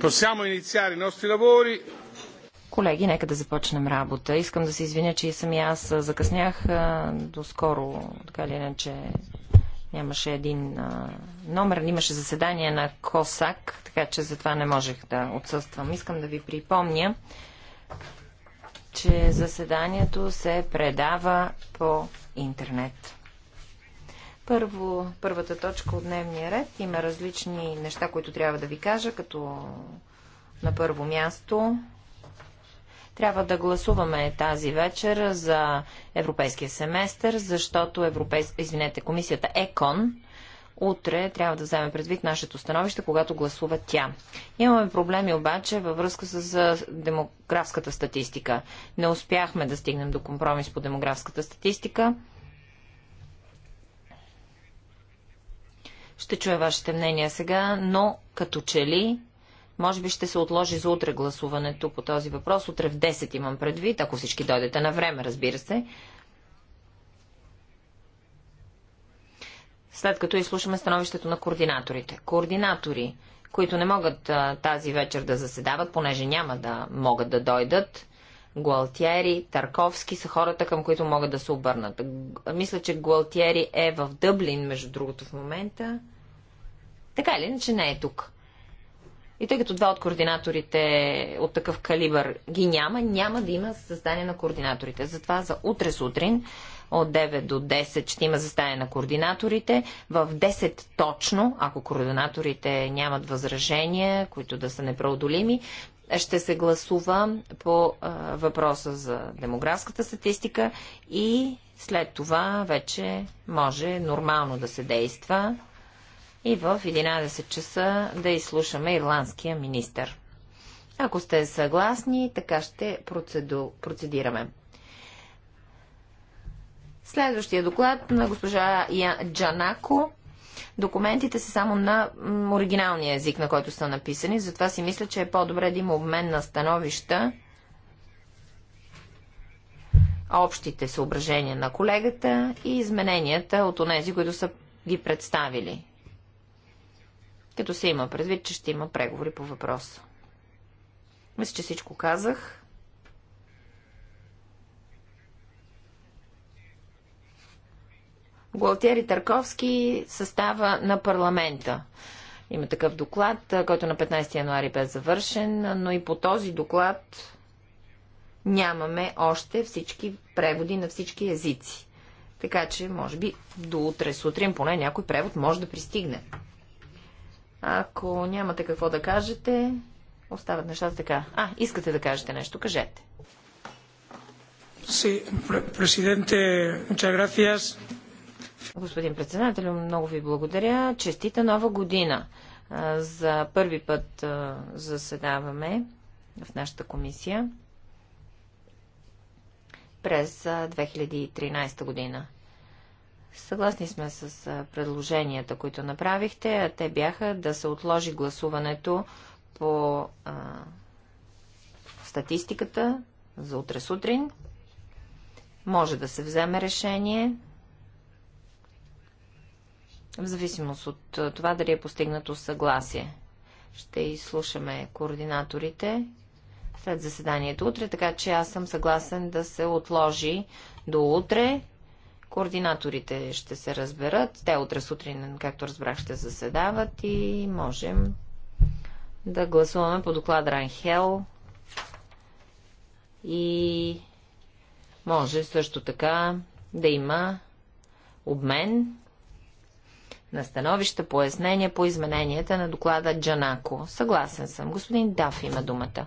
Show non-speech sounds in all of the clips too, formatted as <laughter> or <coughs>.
Possiamo iniziare i nostri lavori. Колеги, нека да започнем работа. Искам да се извиня, че и и аз закъснях. Доскоро, така ли иначе, нямаше един номер, имаше заседание на КОСАК, така че затова не можех да отсъствам. Искам да ви припомня, че заседанието се предава по интернет. Първо, първата точка от дневния ред. Има различни неща, които трябва да ви кажа, като на първо място трябва да гласуваме тази вечер за европейския семестър, защото европейс... Извинете, комисията ЕКОН утре трябва да вземе предвид нашето становище, когато гласува тя. Имаме проблеми обаче във връзка с демографската статистика. Не успяхме да стигнем до компромис по демографската статистика. Ще чуя вашите мнения сега, но като че ли, може би ще се отложи за утре гласуването по този въпрос. Утре в 10 имам предвид, ако всички дойдете на време, разбира се. След като изслушаме становището на координаторите. Координатори, които не могат а, тази вечер да заседават, понеже няма да могат да дойдат, Гуалтиери, Тарковски са хората, към които могат да се обърнат. Мисля, че Гуалтиери е в Дъблин, между другото, в момента. Така или иначе не е тук. И тъй като два от координаторите от такъв калибър ги няма, няма да има създание на координаторите. Затова за утре сутрин от 9 до 10 ще има застане на координаторите. В 10 точно, ако координаторите нямат възражения, които да са непреодолими, ще се гласува по а, въпроса за демографската статистика и след това вече може нормално да се действа и в 11 часа да изслушаме ирландския министр. Ако сте съгласни, така ще процеду... процедираме. Следващия доклад на госпожа Я... Джанако документите са само на оригиналния език, на който са написани. Затова си мисля, че е по-добре да има обмен на становища общите съображения на колегата и измененията от онези, които са ги представили. Като се има предвид, че ще има преговори по въпроса. Мисля, че всичко казах. Гуалтери Тарковски състава на парламента. Има такъв доклад, който на 15 януари бе завършен, но и по този доклад нямаме още всички преводи на всички езици. Така че, може би, до утре сутрин поне някой превод може да пристигне. Ако нямате какво да кажете, остават нещата така. А, искате да кажете нещо, кажете. Sí, президенте, muchas gracias. Господин председател, много ви благодаря. Честита нова година! За първи път заседаваме в нашата комисия през 2013 година. Съгласни сме с предложенията, които направихте, а те бяха да се отложи гласуването по а, статистиката за утре сутрин. Може да се вземе решение в зависимост от това дали е постигнато съгласие. Ще изслушаме координаторите след заседанието утре, така че аз съм съгласен да се отложи до утре. Координаторите ще се разберат. Те утре сутрин, както разбрах, ще заседават и можем да гласуваме по доклад Ранхел и може също така да има обмен на становища, пояснения по измененията на доклада Джанако. Съгласен съм. Господин Даф има думата.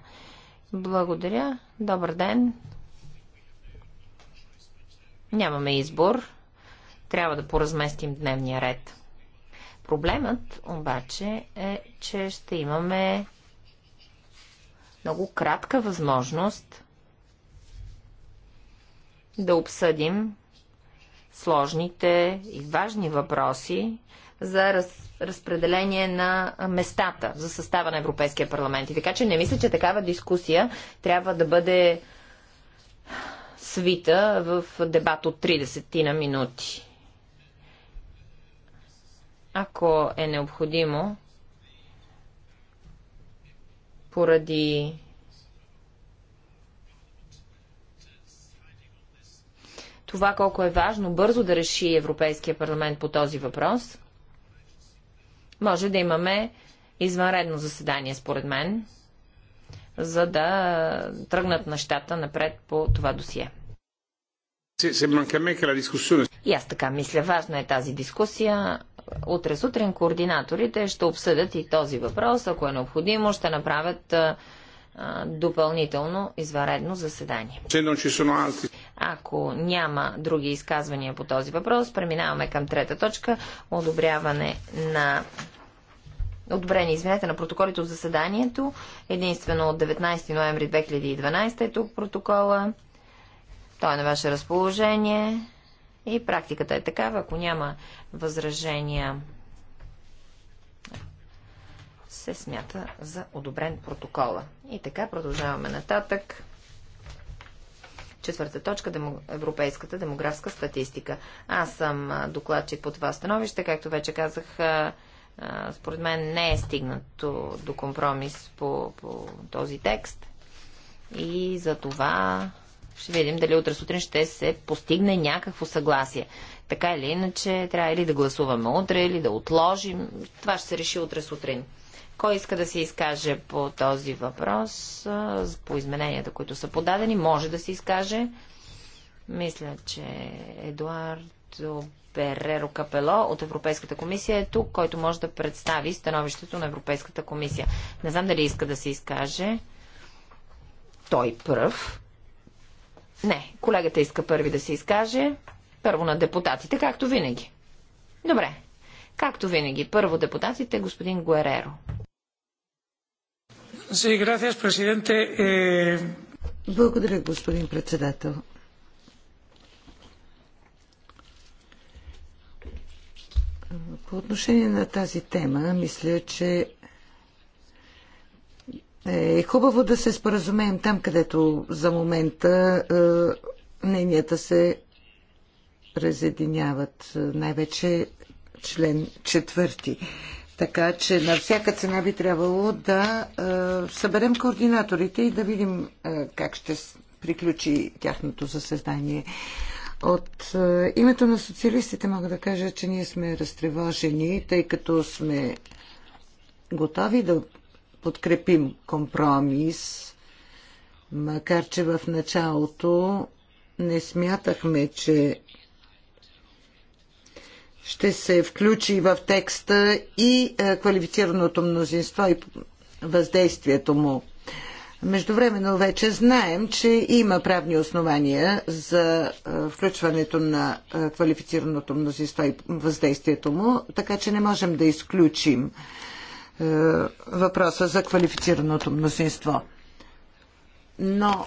Благодаря. Добър ден. Нямаме избор. Трябва да поразместим дневния ред. Проблемът обаче е, че ще имаме много кратка възможност да обсъдим сложните и важни въпроси за раз, разпределение на местата за състава на Европейския парламент. И така че не мисля, че такава дискусия трябва да бъде свита в дебат от 30 на минути. Ако е необходимо, поради това колко е важно бързо да реши Европейския парламент по този въпрос, може да имаме извънредно заседание, според мен, за да тръгнат нещата напред по това досие. И аз така мисля, важна е тази дискусия. Утре сутрин координаторите ще обсъдят и този въпрос. Ако е необходимо, ще направят допълнително изваредно заседание. Ако няма други изказвания по този въпрос, преминаваме към трета точка – одобряване на одобрение, извинете, на протоколите от заседанието, единствено от 19 ноември 2012 е тук протокола. Той е на ваше разположение и практиката е такава. Ако няма възражения се смята за одобрен протокола. И така продължаваме нататък. Четвърта точка демо... Европейската демографска статистика. Аз съм докладчик по това становище. Както вече казах, според мен не е стигнато до компромис по, по този текст. И за това ще видим дали утре сутрин ще се постигне някакво съгласие. Така или иначе, трябва или да гласуваме утре, или да отложим. Това ще се реши утре сутрин. Кой иска да се изкаже по този въпрос, по измененията, които са подадени, може да се изкаже. Мисля, че Едуардо Переро Капело от Европейската комисия е тук, който може да представи становището на Европейската комисия. Не знам дали иска да се изкаже. Той пръв. Не, колегата иска първи да се изкаже. Първо на депутатите, както винаги. Добре. Както винаги, първо депутатите, господин Гуереро. Eh, Благодаря, господин председател. По отношение на тази тема, мисля, че е хубаво да се споразумеем там, където за момента е, мненията се разединяват, е, най-вече член четвърти. Така че на всяка цена би трябвало да е, съберем координаторите и да видим е, как ще приключи тяхното заседание. От е, името на социалистите мога да кажа, че ние сме разтревожени, тъй като сме готови да подкрепим компромис, макар че в началото не смятахме, че ще се включи в текста и е, квалифицираното мнозинство и въздействието му. Междувременно вече знаем, че има правни основания за е, включването на е, квалифицираното мнозинство и въздействието му, така че не можем да изключим въпроса за квалифицираното мнозинство. Но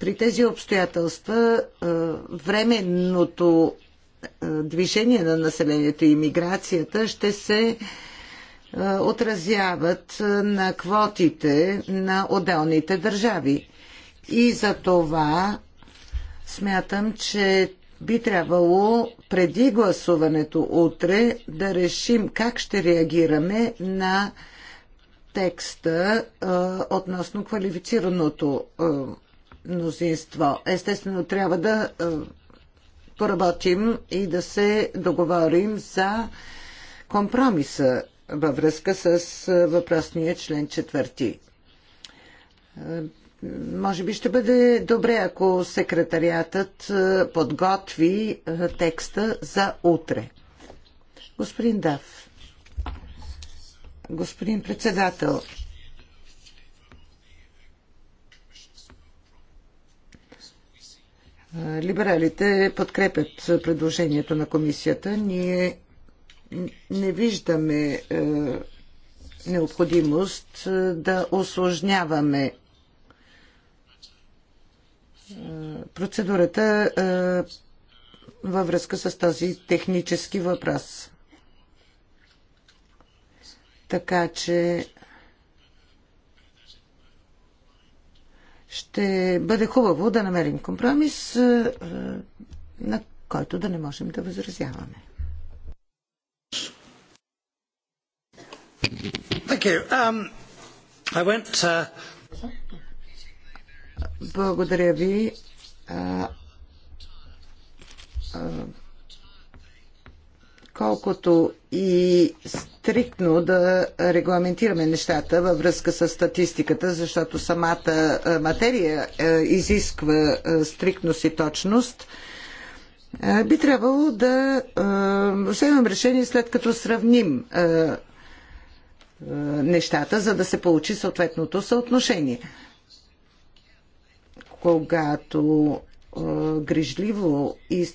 при тези обстоятелства временното движение на населението и миграцията ще се отразяват на квотите на отделните държави. И за това смятам, че би трябвало преди гласуването утре да решим как ще реагираме на текста относно квалифицираното мнозинство. Естествено, трябва да е, поработим и да се договорим за компромиса във връзка с е, въпросния член четвърти. Е, може би ще бъде добре, ако секретариатът подготви текста за утре. Господин Дав. Господин председател, Либералите подкрепят предложението на комисията. Ние не виждаме е, необходимост е, да осложняваме е, процедурата във връзка с този технически въпрос. Така че ще бъде хубаво да намерим компромис, е, на който да не можем да възразяваме. Um, went, uh... Благодаря ви. Uh, uh, колкото и стриктно да регламентираме нещата във връзка с статистиката, защото самата е, материя е, изисква е, стриктност и точност, би трябвало да вземем решение след като сравним нещата, за да се получи съответното съотношение. Когато грижливо и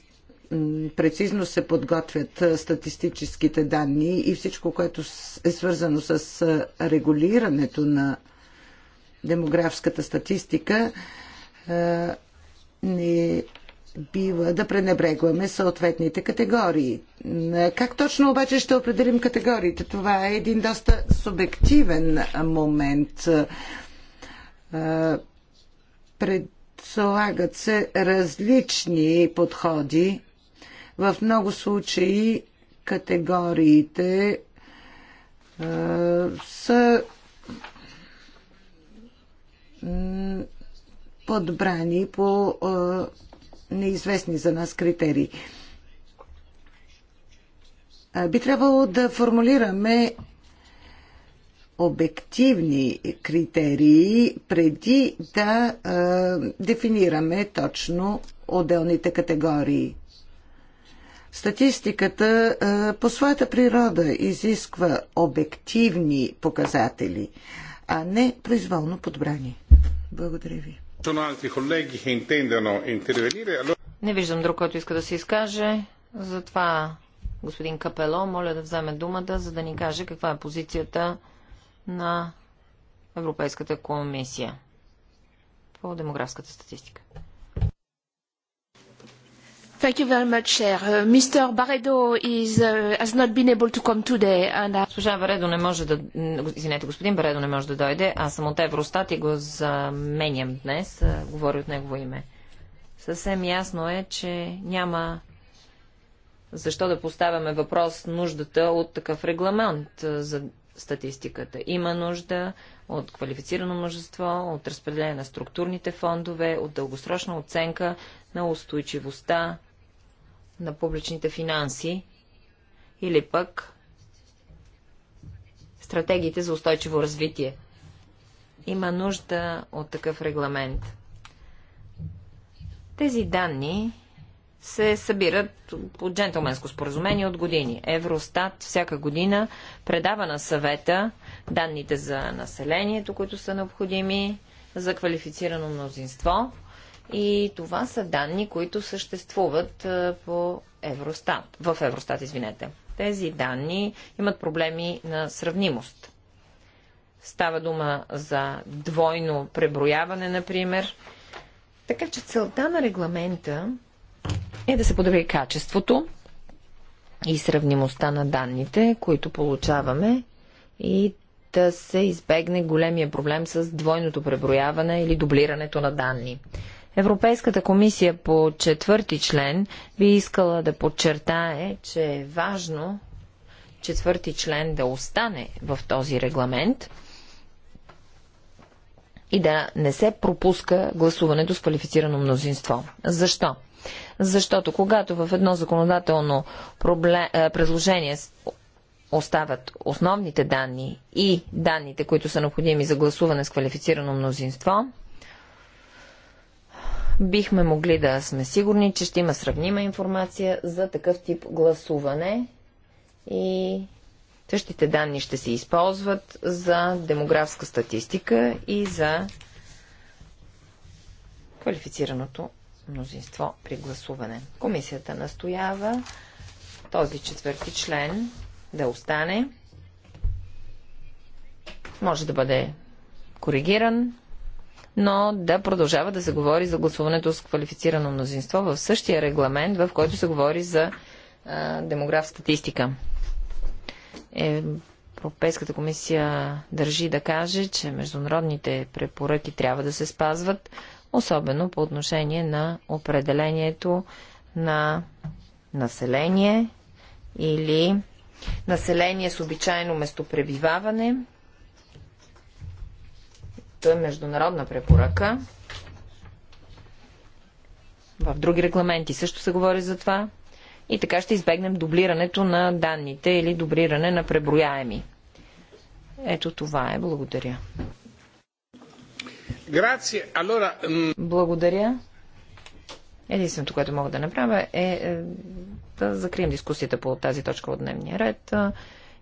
прецизно се подготвят статистическите данни и всичко, което е свързано с регулирането на демографската статистика, не бива да пренебрегваме съответните категории. Как точно обаче ще определим категориите? Това е един доста субективен момент. Предлагат се различни подходи в много случаи категориите а, са подбрани по а, неизвестни за нас критерии. Би трябвало да формулираме обективни критерии преди да а, дефинираме точно отделните категории. Статистиката по своята природа изисква обективни показатели, а не произволно подбрани. Благодаря ви. Не виждам друг, който иска да се изкаже. Затова господин Капело, моля да вземе думата, за да ни каже каква е позицията на Европейската комисия по демографската статистика. Thank you very much, Chair. Uh, Mr. Barredo is, uh, has not been able to come today. And I... Госпожа Баредо не може да... Извинете, господин Баредо не може да дойде. Аз съм от Евростат и го заменям днес. Говори от негово име. Съвсем ясно е, че няма защо да поставяме въпрос нуждата от такъв регламент за статистиката. Има нужда от квалифицирано мъжество, от разпределение на структурните фондове, от дългосрочна оценка на устойчивостта на публичните финанси или пък стратегиите за устойчиво развитие. Има нужда от такъв регламент. Тези данни се събират по джентлменско споразумение от години. Евростат всяка година предава на съвета данните за населението, които са необходими за квалифицирано мнозинство и това са данни, които съществуват по Евростат, в Евростат, извинете. Тези данни имат проблеми на сравнимост. Става дума за двойно преброяване, например. Така че целта на регламента е да се подобри качеството и сравнимостта на данните, които получаваме и да се избегне големия проблем с двойното преброяване или дублирането на данни. Европейската комисия по четвърти член би искала да подчертае, че е важно четвърти член да остане в този регламент и да не се пропуска гласуването с квалифицирано мнозинство. Защо? Защото когато в едно законодателно проблем, е, предложение остават основните данни и данните, които са необходими за гласуване с квалифицирано мнозинство, бихме могли да сме сигурни, че ще има сравнима информация за такъв тип гласуване и същите данни ще се използват за демографска статистика и за квалифицираното мнозинство при гласуване. Комисията настоява този четвърти член да остане. Може да бъде коригиран, но да продължава да се говори за гласуването с квалифицирано мнозинство в същия регламент, в който се говори за а, демограф статистика. Е, Европейската комисия държи да каже, че международните препоръки трябва да се спазват, особено по отношение на определението на население или население с обичайно местопребиваване е международна препоръка. В други регламенти също се говори за това. И така ще избегнем дублирането на данните или дублиране на преброяеми. Ето това е. Благодаря. Благодаря. Единственото, което мога да направя е, е да закрием дискусията по тази точка от дневния ред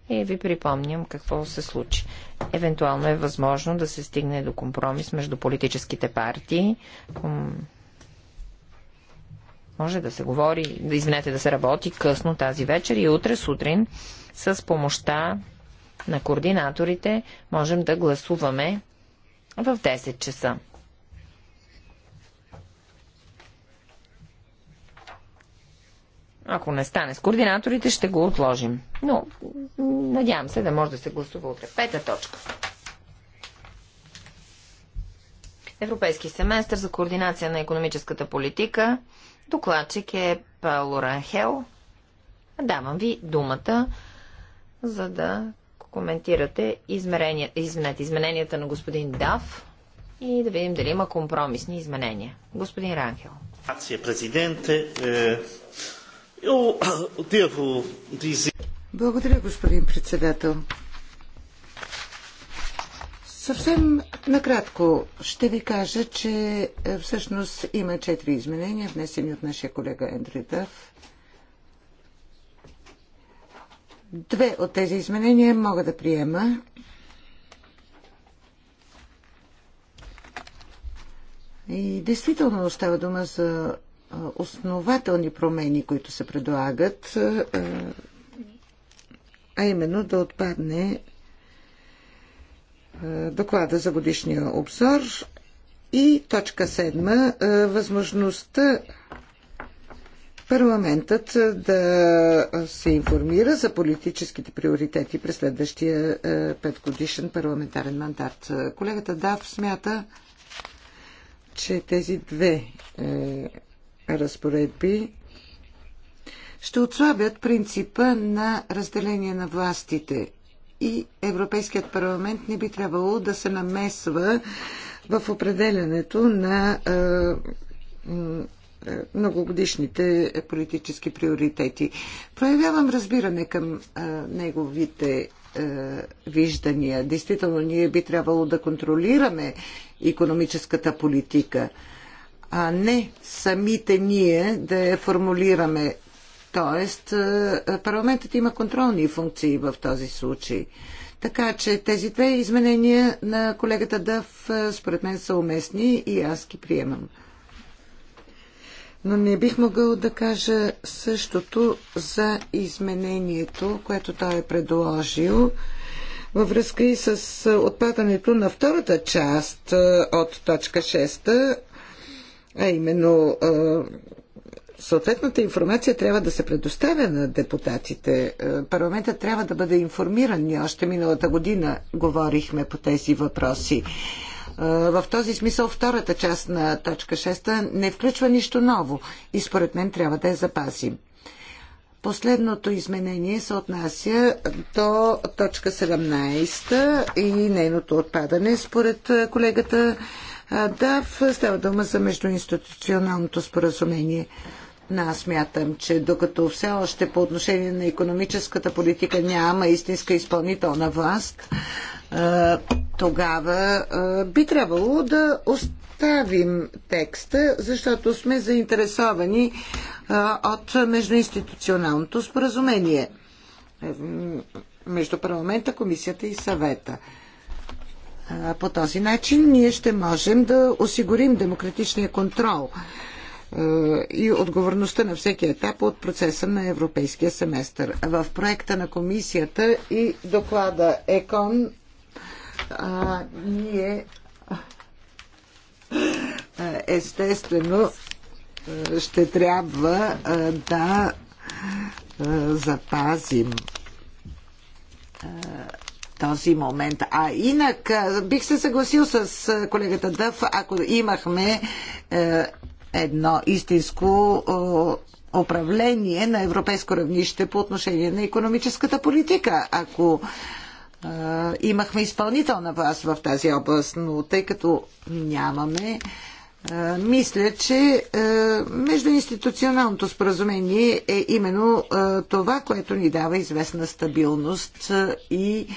и ви припомням какво се случи. Евентуално е възможно да се стигне до компромис между политическите партии. Може да се говори, да извинете, да се работи късно тази вечер и утре сутрин с помощта на координаторите можем да гласуваме в 10 часа. Ако не стане с координаторите, ще го отложим. Но надявам се да може да се гласува утре. Пета точка. Европейски семестър за координация на економическата политика. Докладчик е Пауло Ранхел. Давам ви думата, за да коментирате измерения, изменете, измененията на господин Дав и да видим дали има компромисни изменения. Господин Ранхел. Президент, е, <coughs> Благодаря, господин председател. Съвсем накратко ще ви кажа, че е, всъщност има четири изменения, внесени от нашия колега Ендри Дъв. Две от тези изменения мога да приема. И действително остава дума за основателни промени, които се предлагат, а именно да отпадне доклада за годишния обзор и точка 7 възможността парламентът да се информира за политическите приоритети през следващия петгодишен парламентарен мандат. Колегата Дав смята, че тези две е, разпоредби ще отслабят принципа на разделение на властите и Европейският парламент не би трябвало да се намесва в определянето на е, е, многогодишните политически приоритети. Проявявам разбиране към е, неговите виждания. Действително, ние би трябвало да контролираме економическата политика – а не самите ние да я формулираме. Тоест, парламентът има контролни функции в този случай. Така че тези две изменения на колегата Дъв според мен са уместни и аз ги приемам. Но не бих могъл да кажа същото за изменението, което той е предложил във връзка и с отпадането на втората част от точка 6 а именно съответната информация трябва да се предоставя на депутатите. Парламентът трябва да бъде информиран. Ние още миналата година говорихме по тези въпроси. В този смисъл втората част на точка 6 не включва нищо ново и според мен трябва да я запазим. Последното изменение се отнася до точка 17 и нейното отпадане според колегата в Става дума за междуинституционалното споразумение. Но аз мятам, че докато все още по отношение на економическата политика няма истинска изпълнителна власт, тогава би трябвало да оставим текста, защото сме заинтересовани от междуинституционалното споразумение между парламента, комисията и съвета. По този начин ние ще можем да осигурим демократичния контрол и отговорността на всеки етап от процеса на европейския семестър. В проекта на комисията и доклада ЕКОН а, ние естествено ще трябва да запазим този момент. А инак бих се съгласил с колегата Дъв, ако имахме е, едно истинско управление на европейско равнище по отношение на економическата политика. Ако е, имахме изпълнителна власт в тази област, но тъй като нямаме, е, мисля, че междуинституционалното споразумение е именно това, което ни дава известна стабилност и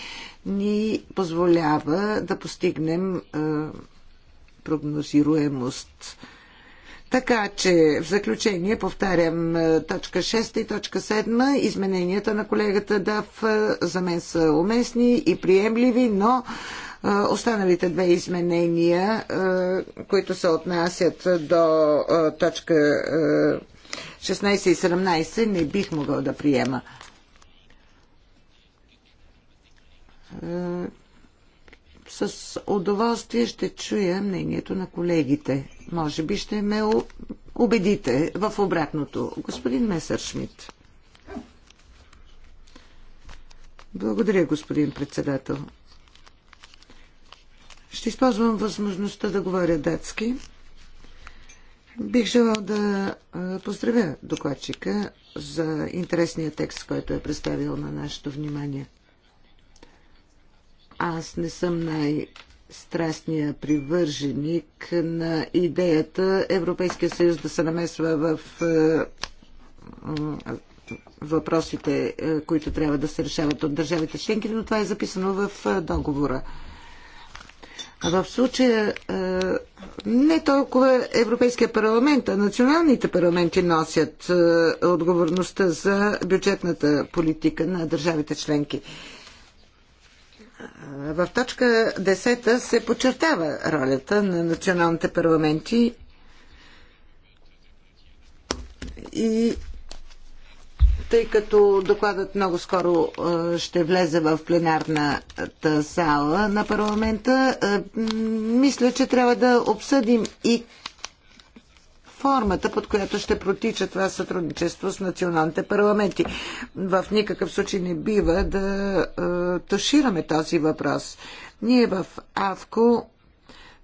ни позволява да постигнем прогнозируемост. Така че в заключение повтарям точка 6 и точка 7. Измененията на колегата Дав за мен са уместни и приемливи, но останалите две изменения, които се отнасят до точка 16 и 17, не бих могъл да приема. Е, с удоволствие ще чуя мнението на колегите. Може би ще ме убедите в обратното. Господин Месършмит. Благодаря, господин председател. Ще използвам възможността да говоря датски. Бих желал да поздравя докладчика за интересния текст, който е представил на нашето внимание. Аз не съм най- страстния привърженик на идеята Европейския съюз да се намесва в е, въпросите, е, които трябва да се решават от държавите членки, но това е записано в е, договора. В случая не толкова Европейския парламент, а националните парламенти носят отговорността за бюджетната политика на държавите членки. В точка 10 се подчертава ролята на националните парламенти и тъй като докладът много скоро ще влезе в пленарната сала на парламента, мисля, че трябва да обсъдим и формата, под която ще протича това сътрудничество с националните парламенти. В никакъв случай не бива да е, тушираме този въпрос. Ние в АВКО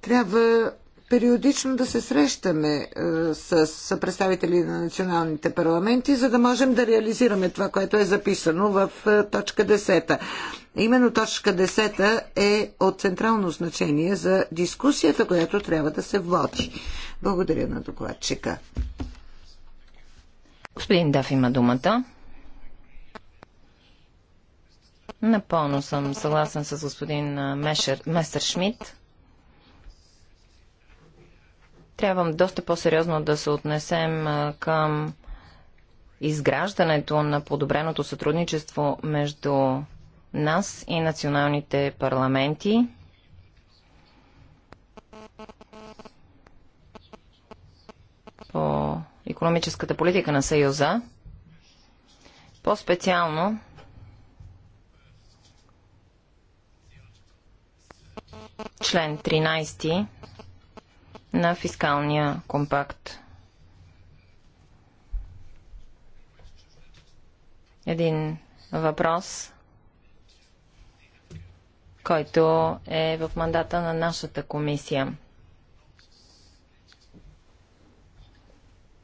трябва периодично да се срещаме е, с представители на националните парламенти, за да можем да реализираме това, което е записано в е, точка 10. Именно точка 10 е от централно значение за дискусията, която трябва да се води. Благодаря на докладчика. Господин Даф има думата. Напълно съм съгласен с господин е, местер Шмидт. Трябва доста по-сериозно да се отнесем към изграждането на подобреното сътрудничество между нас и националните парламенти. По економическата политика на Съюза. По-специално член 13 на фискалния компакт. Един въпрос, който е в мандата на нашата комисия,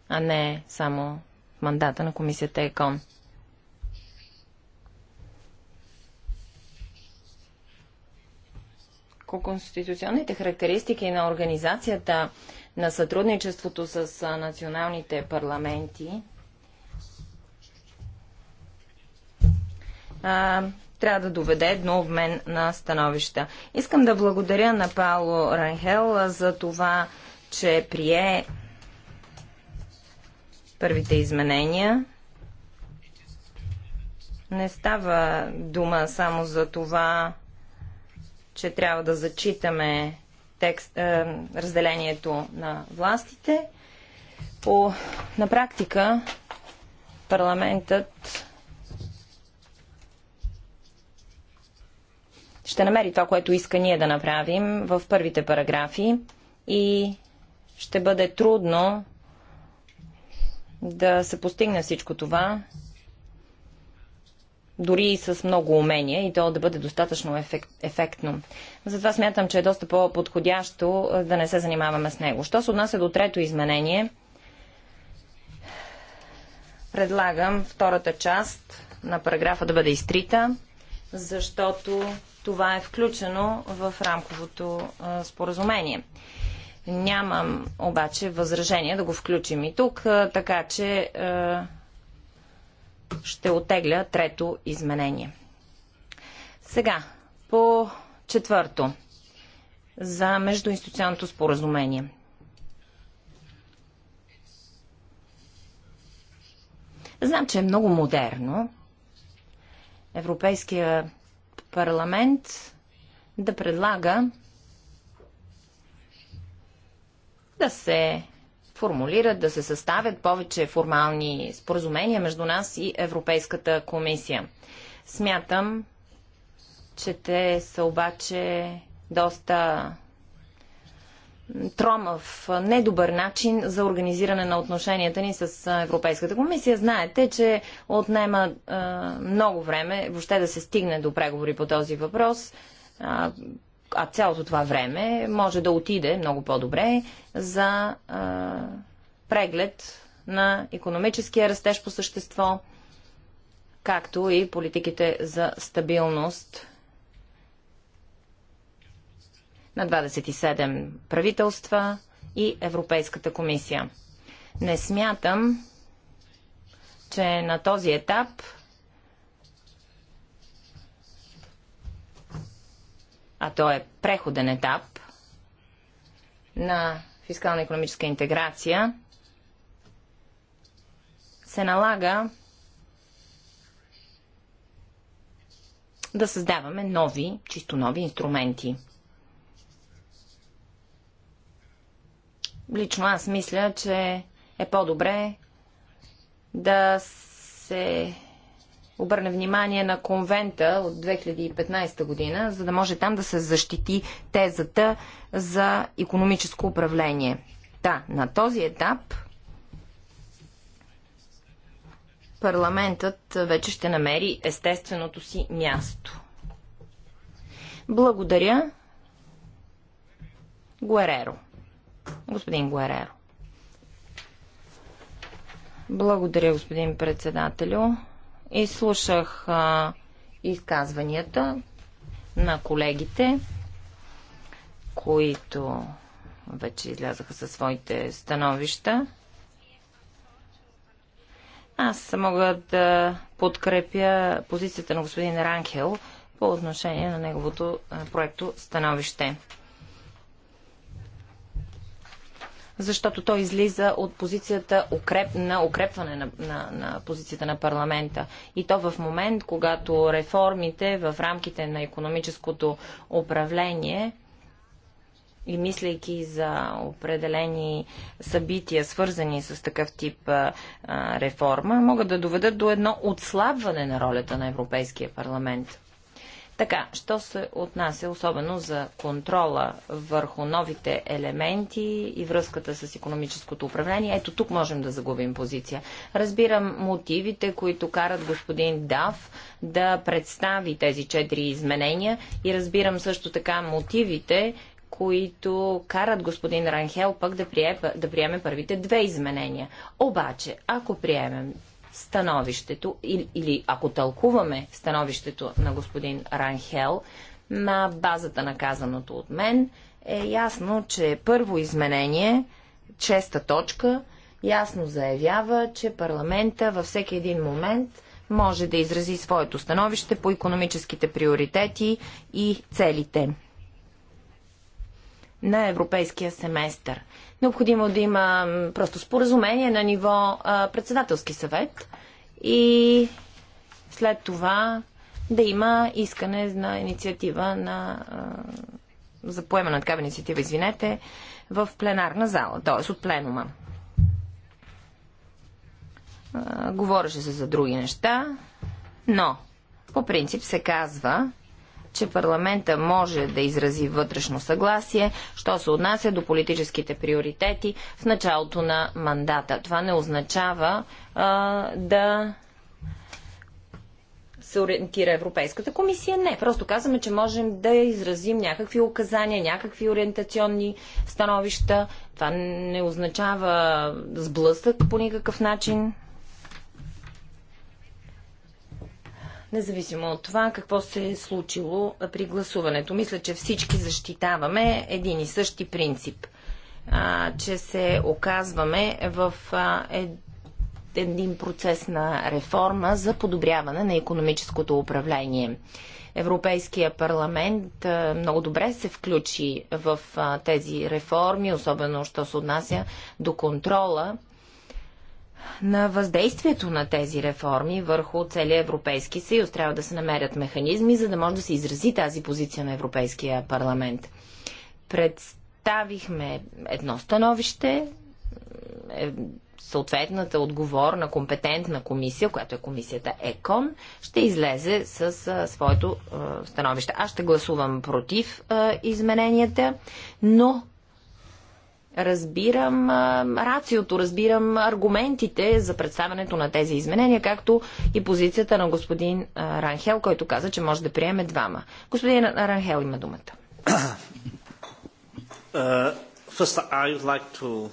а не само мандата на комисията ЕКОН. Ако конституционните характеристики на организацията на сътрудничеството с националните парламенти а, трябва да доведе едно обмен на становища. Искам да благодаря на Пауло Ранхел за това, че прие първите изменения. Не става дума само за това че трябва да зачитаме текст, е, разделението на властите. По, на практика парламентът ще намери това, което иска ние да направим в първите параграфи и ще бъде трудно да се постигне всичко това дори и с много умения и то да бъде достатъчно ефект, ефектно. Затова смятам, че е доста по-подходящо да не се занимаваме с него. Що се отнася до трето изменение, предлагам втората част на параграфа да бъде изтрита, защото това е включено в рамковото а, споразумение. Нямам обаче възражение да го включим и тук, а, така че а, ще отегля трето изменение. Сега, по четвърто, за междуинституционното споразумение. Знам, че е много модерно Европейския парламент да предлага да се формулират, да се съставят повече формални споразумения между нас и Европейската комисия. Смятам, че те са обаче доста тромав, недобър начин за организиране на отношенията ни с Европейската комисия. Знаете, че отнема е, много време въобще да се стигне до преговори по този въпрос а цялото това време може да отиде много по-добре за а, преглед на економическия растеж по същество, както и политиките за стабилност на 27 правителства и Европейската комисия. Не смятам, че на този етап а то е преходен етап на фискално-економическа интеграция, се налага да създаваме нови, чисто нови инструменти. Лично аз мисля, че е по-добре да се обърне внимание на конвента от 2015 година, за да може там да се защити тезата за економическо управление. Да, на този етап парламентът вече ще намери естественото си място. Благодаря. Гуареро, Господин Гуареро. Благодаря, господин председателю. Изслушах а, изказванията на колегите, които вече излязаха със своите становища. Аз мога да подкрепя позицията на господин Ранхел по отношение на неговото проекто становище. защото той излиза от позицията укреп, на укрепване на, на, на позицията на парламента. И то в момент, когато реформите в рамките на економическото управление и мислейки за определени събития, свързани с такъв тип а, реформа, могат да доведат до едно отслабване на ролята на Европейския парламент. Така, що се отнася особено за контрола върху новите елементи и връзката с економическото управление, ето тук можем да загубим позиция. Разбирам мотивите, които карат господин Дав да представи тези четири изменения и разбирам също така мотивите, които карат господин Ранхел пък да, да приеме първите две изменения. Обаче, ако приемем становището или, или ако тълкуваме становището на господин Ранхел на базата на казаното от мен, е ясно, че първо изменение, честа точка, ясно заявява, че парламента във всеки един момент може да изрази своето становище по економическите приоритети и целите на европейския семестър. Необходимо е да има просто споразумение на ниво а, председателски съвет и след това да има искане на инициатива на а, за поема на такава инициатива, извинете, в пленарна зала, т.е. от пленума. А, говореше се за други неща, но по принцип се казва, че парламента може да изрази вътрешно съгласие, що се отнася до политическите приоритети в началото на мандата. Това не означава а, да се ориентира Европейската комисия. Не, просто казваме, че можем да изразим някакви указания, някакви ориентационни становища. Това не означава сблъсък по никакъв начин. независимо от това какво се е случило при гласуването. Мисля, че всички защитаваме един и същи принцип, а, че се оказваме в а, е, един процес на реформа за подобряване на економическото управление. Европейския парламент много добре се включи в тези реформи, особено що се отнася до контрола на въздействието на тези реформи върху целия Европейски съюз. Трябва да се намерят механизми, за да може да се изрази тази позиция на Европейския парламент. Представихме едно становище, е, съответната отговорна, компетентна комисия, която е комисията ЕКОН, ще излезе с а, своето а, становище. Аз ще гласувам против а, измененията, но разбирам а, рациото, разбирам аргументите за представянето на тези изменения, както и позицията на господин а, Ранхел, който каза, че може да приеме двама. Господин Ранхел има думата. Uh, first, like to...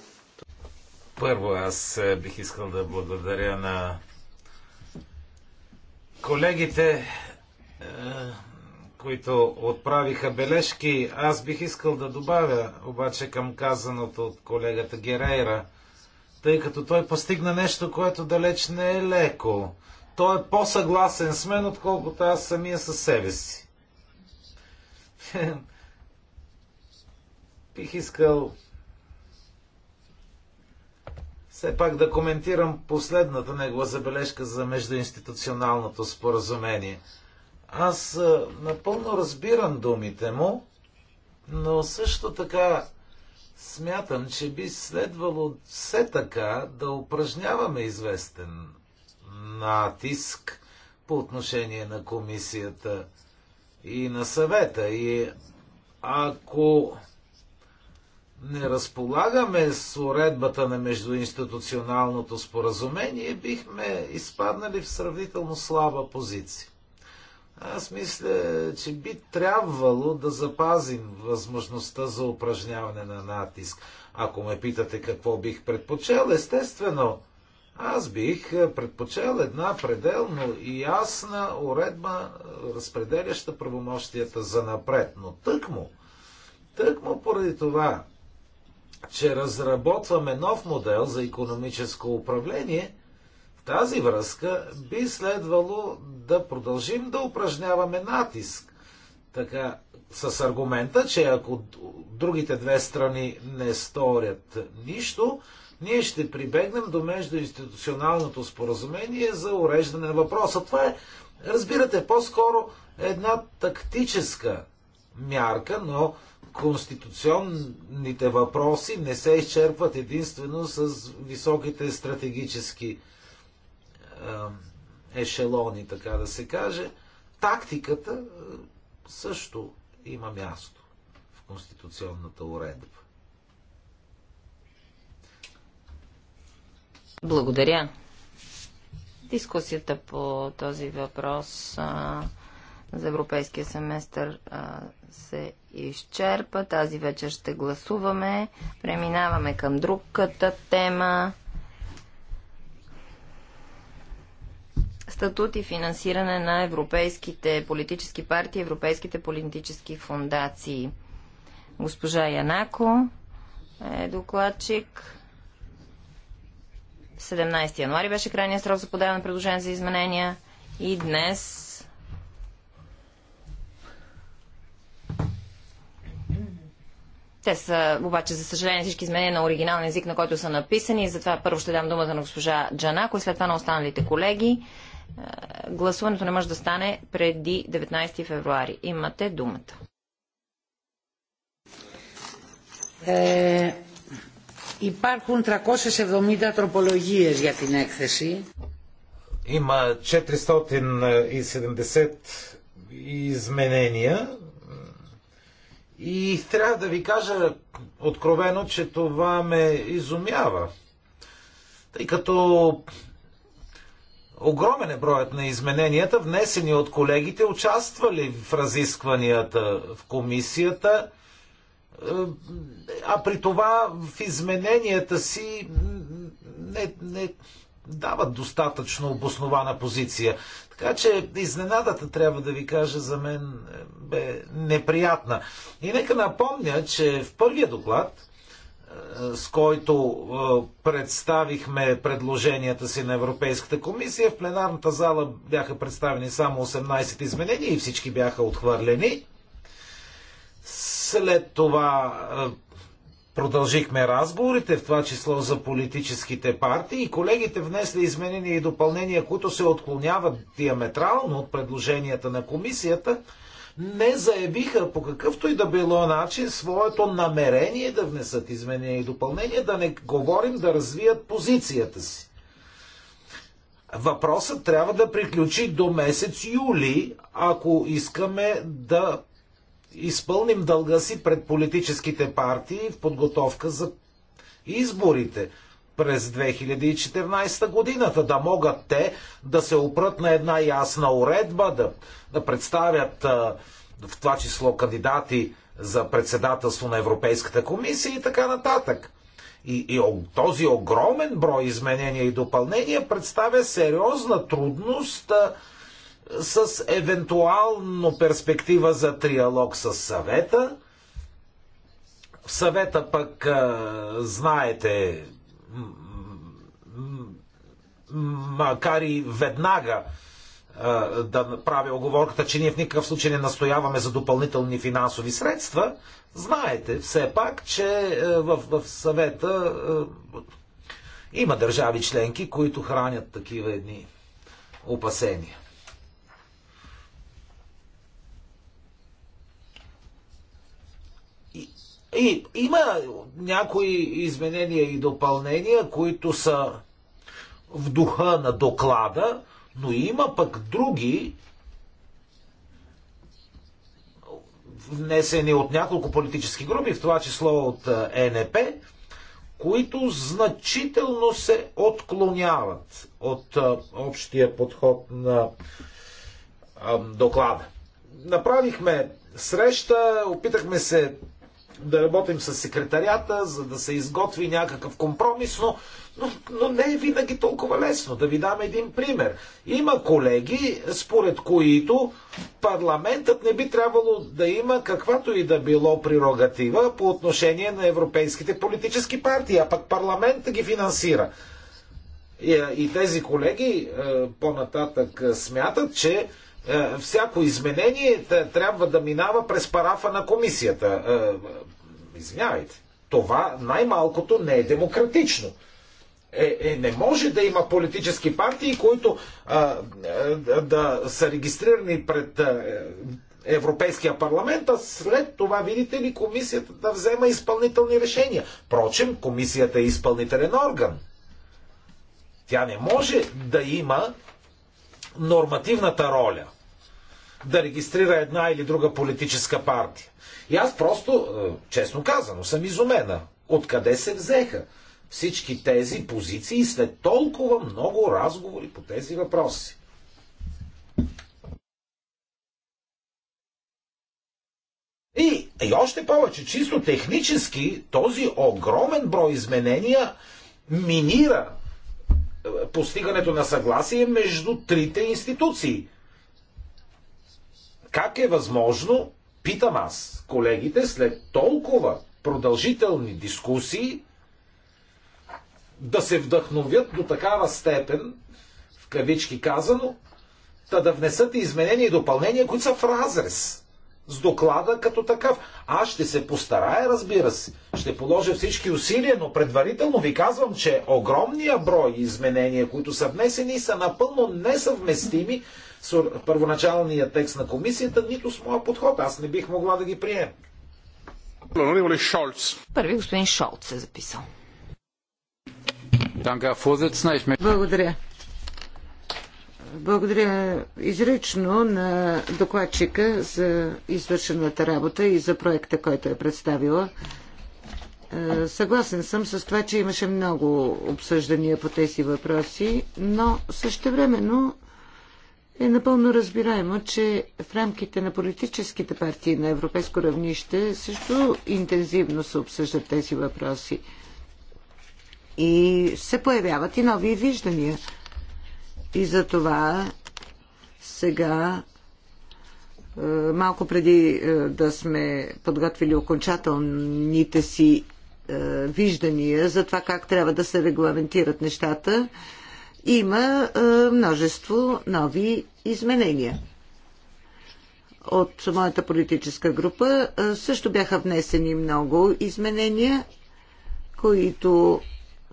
Първо аз е, бих искал да благодаря на колегите е, които отправиха бележки. Аз бих искал да добавя обаче към казаното от колегата Герейра, тъй като той постигна нещо, което далеч не е леко. Той е по-съгласен с мен, отколкото аз самия със себе си. <laughs> бих искал все пак да коментирам последната негова забележка за междуинституционалното споразумение – аз е, напълно разбирам думите му, но също така смятам, че би следвало все така да упражняваме известен натиск по отношение на комисията и на съвета. И ако не разполагаме с уредбата на междуинституционалното споразумение, бихме изпаднали в сравнително слаба позиция. Аз мисля, че би трябвало да запазим възможността за упражняване на натиск. Ако ме питате какво бих предпочел, естествено, аз бих предпочел една пределно и ясна уредба, разпределяща правомощията за напред. Но тъкмо, тъкмо поради това, че разработваме нов модел за економическо управление – тази връзка би следвало да продължим да упражняваме натиск. Така, с аргумента, че ако другите две страни не сторят нищо, ние ще прибегнем до междуинституционалното споразумение за уреждане на въпроса. Това е, разбирате, по-скоро една тактическа мярка, но конституционните въпроси не се изчерпват единствено с високите стратегически е, ешелони, така да се каже, тактиката е, също има място в конституционната уредба. Благодаря. Дискусията по този въпрос а, за европейския семестър а, се изчерпа. Тази вечер ще гласуваме. Преминаваме към другата тема. статут и финансиране на европейските политически партии, европейските политически фундации. Госпожа Янако е докладчик. 17 януари беше крайният срок за подаване на предложение за изменения и днес Те са, обаче, за съжаление, всички изменения на оригиналния език, на който са написани. Затова първо ще дам думата на госпожа Джанако и след това на останалите колеги гласуването не може да стане преди 19 февруари. Имате думата. Ε, е, υπάρχουν 370 τροπολογίες για την έκθεση. Има 470 изменения и трябва да ви кажа откровено, че това ме изумява. Тъй като Огромен е броят на измененията, внесени от колегите, участвали в разискванията в комисията, е, а при това в измененията си не, не дават достатъчно обоснована позиция. Така че изненадата, трябва да ви кажа, за мен е, бе неприятна. И нека напомня, че в първия доклад с който представихме предложенията си на Европейската комисия. В пленарната зала бяха представени само 18 изменения и всички бяха отхвърлени. След това продължихме разговорите, в това число за политическите партии и колегите внесли изменения и допълнения, които се отклоняват диаметрално от предложенията на комисията – не заявиха по какъвто и да било начин своето намерение да внесат изменения и допълнения, да не говорим да развият позицията си. Въпросът трябва да приключи до месец юли, ако искаме да изпълним дълга си пред политическите партии в подготовка за изборите през 2014 годината, да могат те да се опрат на една ясна уредба, да, да представят в това число кандидати за председателство на Европейската комисия и така нататък. И, и този огромен брой изменения и допълнения представя сериозна трудност а, с евентуално перспектива за триалог с съвета. В съвета пък а, знаете макар и веднага да направя оговорката, че ние в никакъв случай не настояваме за допълнителни финансови средства, знаете все пак, че в, в съвета има държави членки, които хранят такива едни опасения. И има някои изменения и допълнения, които са в духа на доклада, но има пък други, внесени от няколко политически групи, в това число от ЕНП, които значително се отклоняват от е, общия подход на е, доклада. Направихме среща, опитахме се да работим с секретарията, за да се изготви някакъв компромис, но, но, но не е винаги толкова лесно. Да ви дам един пример. Има колеги, според които парламентът не би трябвало да има каквато и да било прерогатива по отношение на европейските политически партии, а пък парламентът ги финансира. И, и тези колеги е, по-нататък е, смятат, че е, всяко изменение трябва да минава през парафа на комисията. Е, извинявайте, това най-малкото не е демократично. Е, е, не може да има политически партии, които е, а, а, да са регистрирани пред а, Европейския парламент, а след това, видите ли, комисията да взема изпълнителни решения. Впрочем, комисията е изпълнителен орган. Тя не може да има нормативната роля да регистрира една или друга политическа партия. И аз просто, е, честно казано, съм изумена. Откъде се взеха всички тези позиции след толкова много разговори по тези въпроси? И, и още повече, чисто технически, този огромен брой изменения минира е, постигането на съгласие между трите институции. Как е възможно, питам аз, колегите, след толкова продължителни дискусии, да се вдъхновят до такава степен, в кавички казано, та да внесат изменения и допълнения, които са в разрез с доклада като такъв. Аз ще се постарая, разбира се. Ще положа всички усилия, но предварително ви казвам, че огромния брой изменения, които са внесени, са напълно несъвместими първоначалния текст на комисията, нито с моя подход. Аз не бих могла да ги прием. Първи господин Шолц се записал. Благодаря. Благодаря изрично на докладчика за извършената работа и за проекта, който е представила. Е, съгласен съм с това, че имаше много обсъждания по тези въпроси, но същевременно е напълно разбираемо, че в рамките на политическите партии на европейско равнище също интензивно се обсъждат тези въпроси. И се появяват и нови виждания. И за това сега, е, малко преди е, да сме подготвили окончателните си е, виждания за това как трябва да се регламентират нещата, има множество нови изменения. От моята политическа група също бяха внесени много изменения, които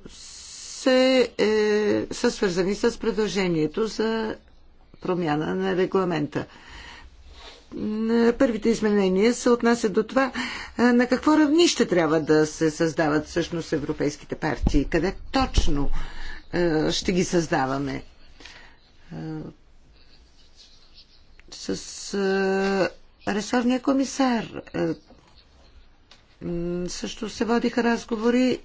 се, е, са свързани с предложението за промяна на регламента. Първите изменения се отнасят до това на какво равнище трябва да се създават всъщност европейските партии, къде точно е, ще ги създаваме. Е, с е, ресорния комисар също се водиха разговори.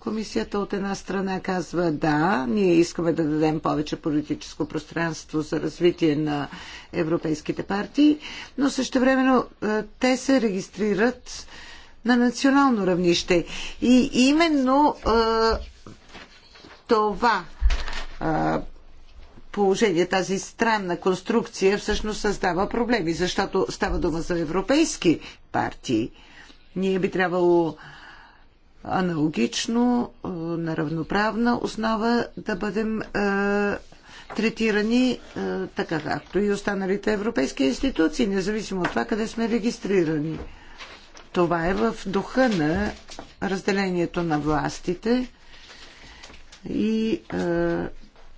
Комисията от една страна казва да, ние искаме да дадем повече политическо пространство за развитие на европейските партии, но също времено те се регистрират на национално равнище. И именно това положение, тази странна конструкция всъщност създава проблеми, защото става дума за европейски партии. Ние би трябвало аналогично, на равноправна основа да бъдем е, третирани е, така както и останалите европейски институции, независимо от това къде сме регистрирани. Това е в духа на разделението на властите и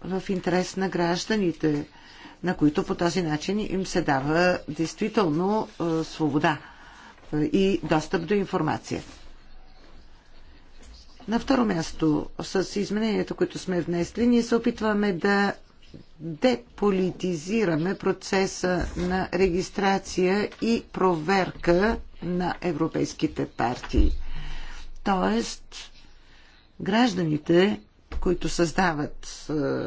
в интерес на гражданите, на които по този начин им се дава действително свобода и достъп до информация. На второ място, с измененията, които сме внесли, ние се опитваме да деполитизираме процеса на регистрация и проверка на европейските партии. Тоест, гражданите които създават е,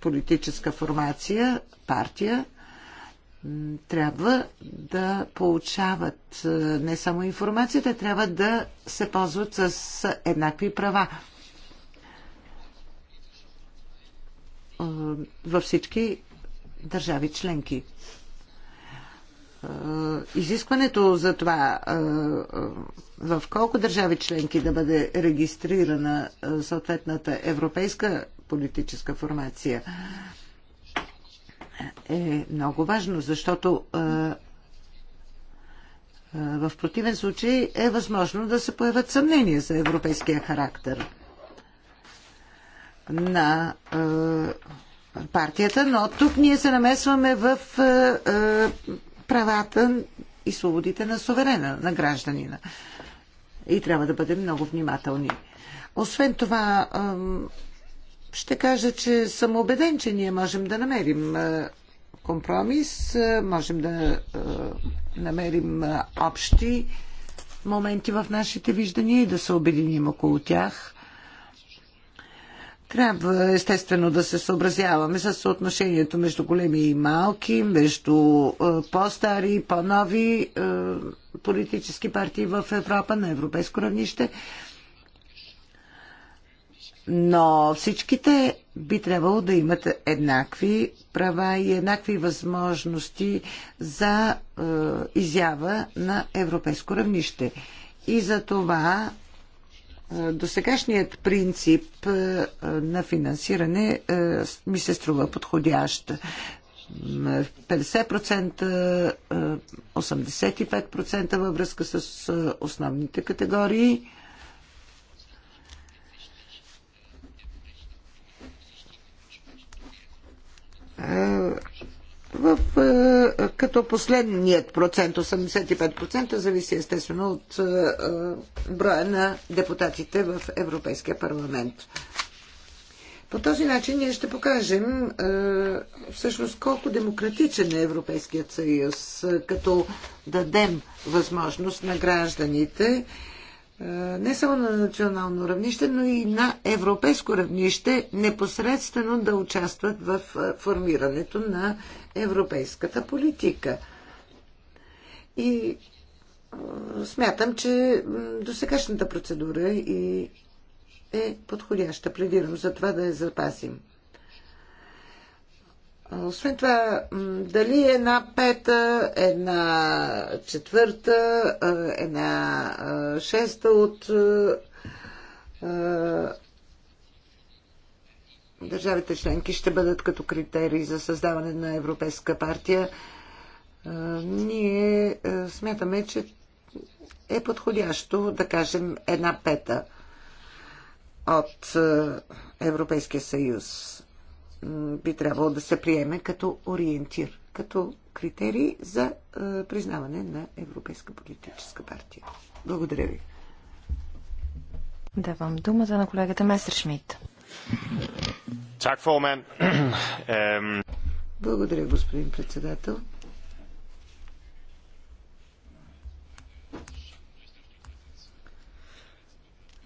политическа формация, партия, трябва да получават е, не само информацията, трябва да се ползват с еднакви права. Е, във всички държави членки. Е, изискването за това е, е, в колко държави членки да бъде регистрирана съответната европейска политическа формация е много важно, защото в противен случай е възможно да се появят съмнения за европейския характер на партията, но тук ние се намесваме в правата и свободите на суверена, на гражданина. И трябва да бъдем много внимателни. Освен това, ще кажа, че съм убеден, че ние можем да намерим компромис, можем да намерим общи моменти в нашите виждания и да се обединим около тях. Трябва естествено да се съобразяваме с съотношението между големи и малки, между е, по-стари и по-нови е, политически партии в Европа на европейско равнище. Но всичките би трябвало да имат еднакви права и еднакви възможности за е, изява на европейско равнище. И за това досегашният принцип на финансиране ми се струва подходящ. 50%, 85% във връзка с основните категории в, е, като последният процент, 85%, зависи естествено от е, е, броя на депутатите в Европейския парламент. По този начин ние ще покажем всъщност колко демократичен е Европейският съюз, като дадем възможност на гражданите не само на национално равнище, но и на европейско равнище непосредствено да участват в формирането на европейската политика. И смятам, че до сегашната процедура и е подходяща. Пледирам за това да я запасим. Освен това, дали една пета, една четвърта, една шеста от държавите членки ще бъдат като критерии за създаване на Европейска партия, ние смятаме, че е подходящо да кажем една пета от Европейския съюз. Би трябвало да се приеме като ориентир, като критерий за признаване на Европейска политическа партия. Благодаря ви. Давам думата на колегата Месершмит. Шмидт. Благодаря, господин председател.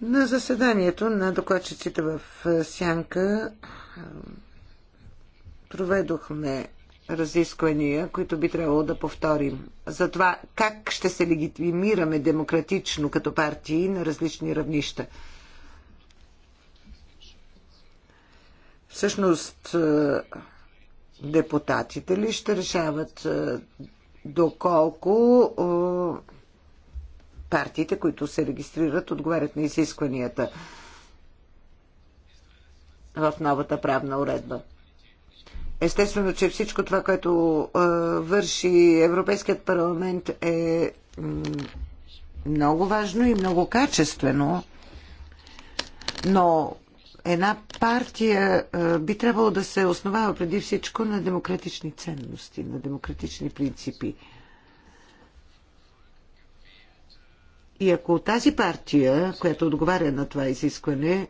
На заседанието на докладчиците в е, Сянка е, проведохме разисквания, които би трябвало да повторим. За това как ще се легитимираме демократично като партии на различни равнища – Всъщност, е, депутатите ли ще решават е, доколко е, партиите, които се регистрират, отговарят на изискванията в новата правна уредба? Естествено, че всичко това, което е, върши Европейският парламент е много важно и много качествено, но една партия би трябвало да се основава преди всичко на демократични ценности, на демократични принципи. И ако тази партия, която отговаря на това изискване,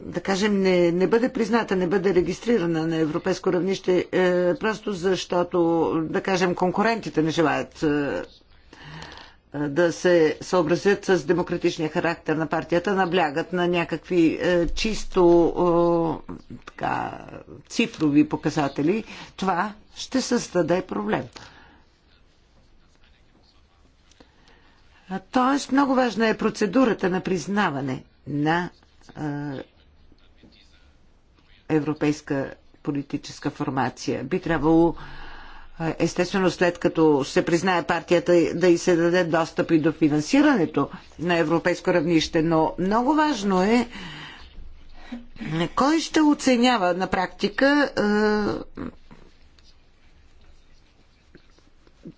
да кажем, не, не бъде призната, не бъде регистрирана на европейско равнище, е, просто защото, да кажем, конкурентите не желаят е, да се съобразят с демократичния характер на партията, наблягат на някакви е, чисто е, така, цифрови показатели, това ще създаде проблем. Тоест, много важна е процедурата на признаване на е, европейска политическа формация. Би трябвало е, естествено след като се признае партията да й се даде достъп и до финансирането на европейско равнище, но много важно е кой ще оценява на практика е,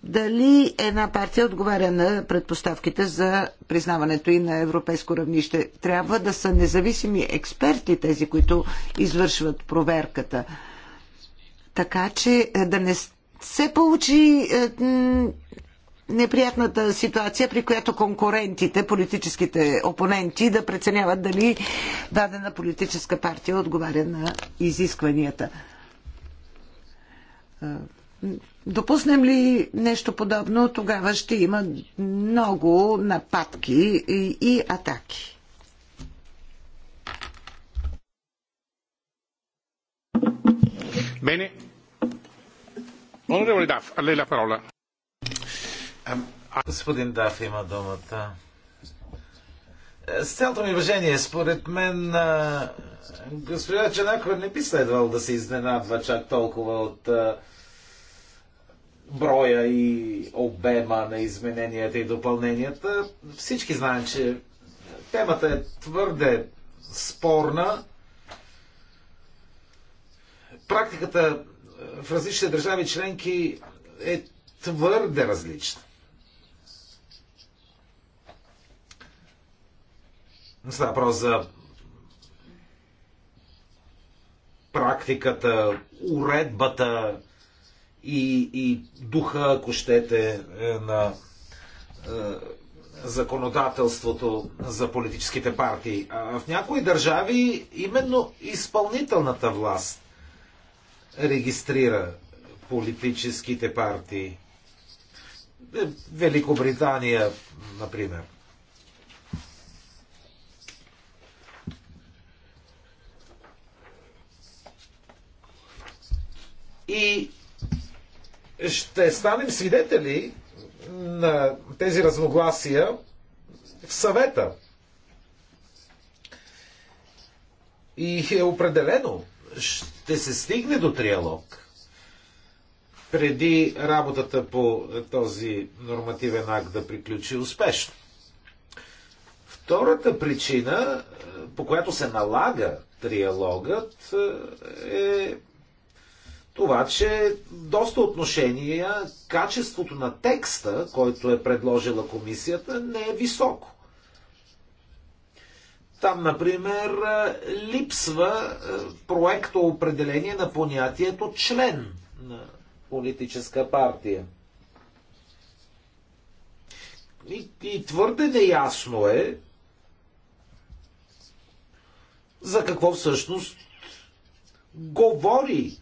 дали една партия отговаря на предпоставките за признаването и на европейско равнище. Трябва да са независими експерти тези, които извършват проверката. Така че е, да не се получи е, неприятната ситуация, при която конкурентите, политическите опоненти да преценяват дали дадена политическа партия отговаря на изискванията. Е, допуснем ли нещо подобно, тогава ще има много нападки и, и атаки. Bene, Onorevole Дав, а лей Господин Даф има думата. С цялото ми уважение, според мен госпожа Чанакова не би следвал да се изненадва чак толкова от броя и обема на измененията и допълненията. Всички знаем, че темата е твърде спорна. Практиката в различните държави членки е твърде различна. Става въпрос за практиката, уредбата и, и духа, ако щете, е, на е, законодателството за политическите партии. А в някои държави именно изпълнителната власт регистрира политическите партии. Е, Великобритания, например. И ще станем свидетели на тези разногласия в съвета. И е определено, ще се стигне до триалог преди работата по този нормативен акт да приключи успешно. Втората причина, по която се налага триалогът, е това, че доста отношения качеството на текста, който е предложила комисията, не е високо. Там, например, липсва е, проекто определение на понятието член на политическа партия. И, и твърде неясно е за какво всъщност говори е,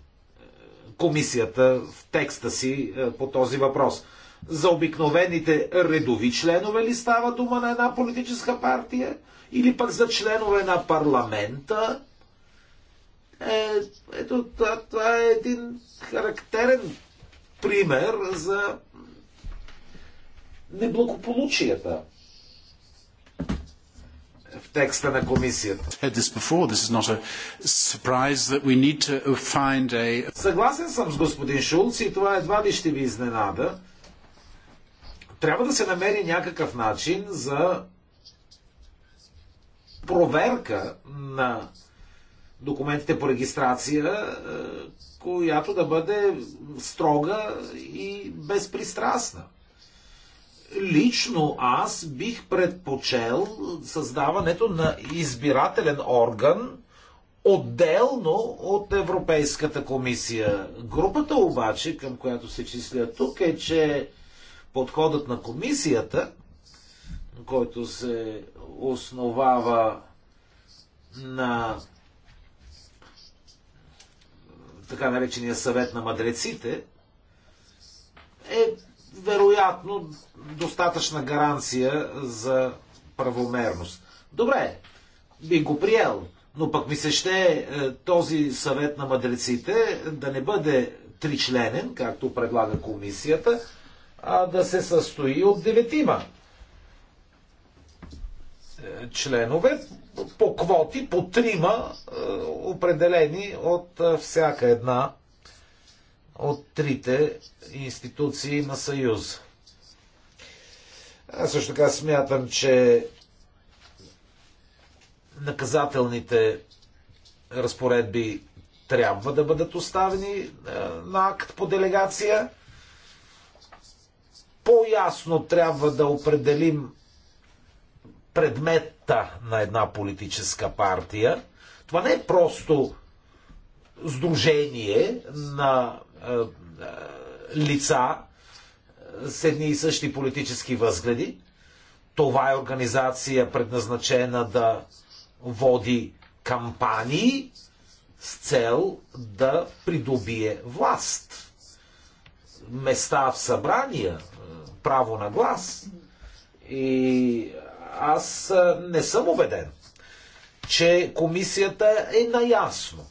комисията в текста си е, по този въпрос. За обикновените редови членове ли става дума на една политическа партия? или пък за членове на парламента. Е, ето, това, това е един характерен пример за неблагополучията в текста на комисията. Съгласен съм с господин Шулц и това едва ли ще ви изненада. Трябва да се намери някакъв начин за проверка на документите по регистрация, е, която да бъде строга и безпристрастна. Лично аз бих предпочел създаването на избирателен орган отделно от Европейската комисия. Групата обаче, към която се числя тук, е, че подходът на комисията – който се основава на така наречения съвет на мъдреците, е вероятно достатъчна гаранция за правомерност. Добре, би го приел, но пък ми се ще е, този съвет на мъдреците да не бъде тричленен, както предлага комисията, а да се състои от деветима членове по квоти, по трима, е, определени от е, всяка една от трите институции на Съюз. Аз също така смятам, че наказателните разпоредби трябва да бъдат оставени е, на акт по делегация. По-ясно трябва да определим предмета на една политическа партия. Това не е просто сдружение на е, е, лица с едни и същи политически възгледи. Това е организация предназначена да води кампании с цел да придобие власт. Места в събрания, е, право на глас и е, аз не съм убеден, че комисията е наясно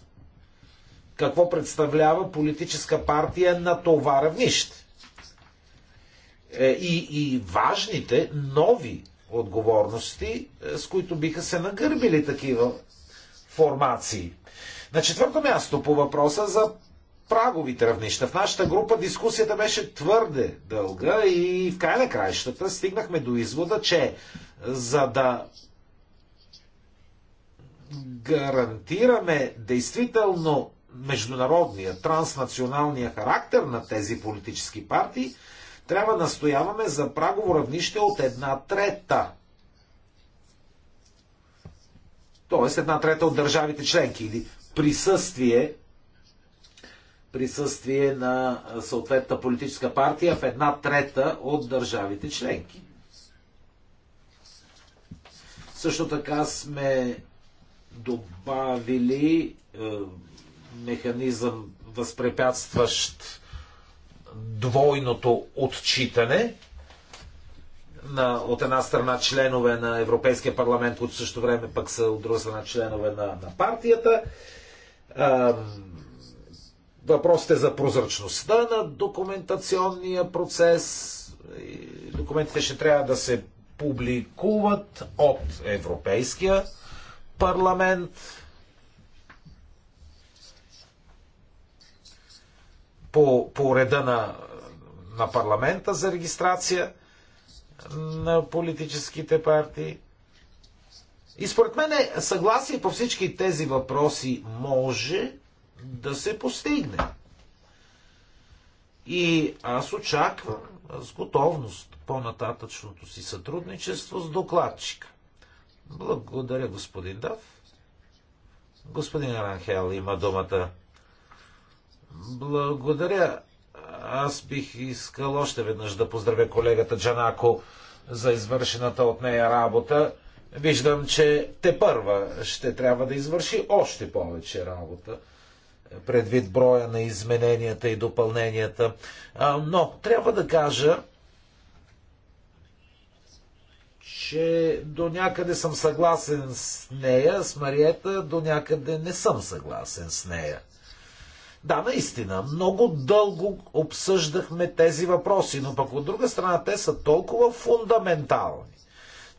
какво представлява политическа партия на това равнище. Е, и, и важните нови отговорности, е, с които биха се нагърбили такива формации. На четвърто място по въпроса за праговите равнища. В нашата група дискусията беше твърде дълга и в край на краищата стигнахме до извода, че за да гарантираме действително международния, транснационалния характер на тези политически партии, трябва настояваме за прагово равнище от една трета. Тоест една трета от държавите членки или присъствие присъствие на съответната политическа партия в една трета от държавите членки. Също така сме добавили е, механизъм, възпрепятстващ двойното отчитане на, от една страна членове на Европейския парламент, които също време пък са от друга страна членове на, на партията. Е, Въпросите за прозрачността на документационния процес. Документите ще трябва да се публикуват от Европейския парламент. По, по реда на, на парламента за регистрация на политическите партии. И според мен е съгласие по всички тези въпроси може да се постигне. И аз очаквам с готовност по-нататъчното си сътрудничество с докладчика. Благодаря, господин Дав. Господин Аранхел, има думата. Благодаря. Аз бих искал още веднъж да поздравя колегата Джанако за извършената от нея работа. Виждам, че те първа ще трябва да извърши още повече работа предвид броя на измененията и допълненията. Но трябва да кажа, че до някъде съм съгласен с нея, с Мариета, до някъде не съм съгласен с нея. Да, наистина, много дълго обсъждахме тези въпроси, но пък от друга страна те са толкова фундаментални,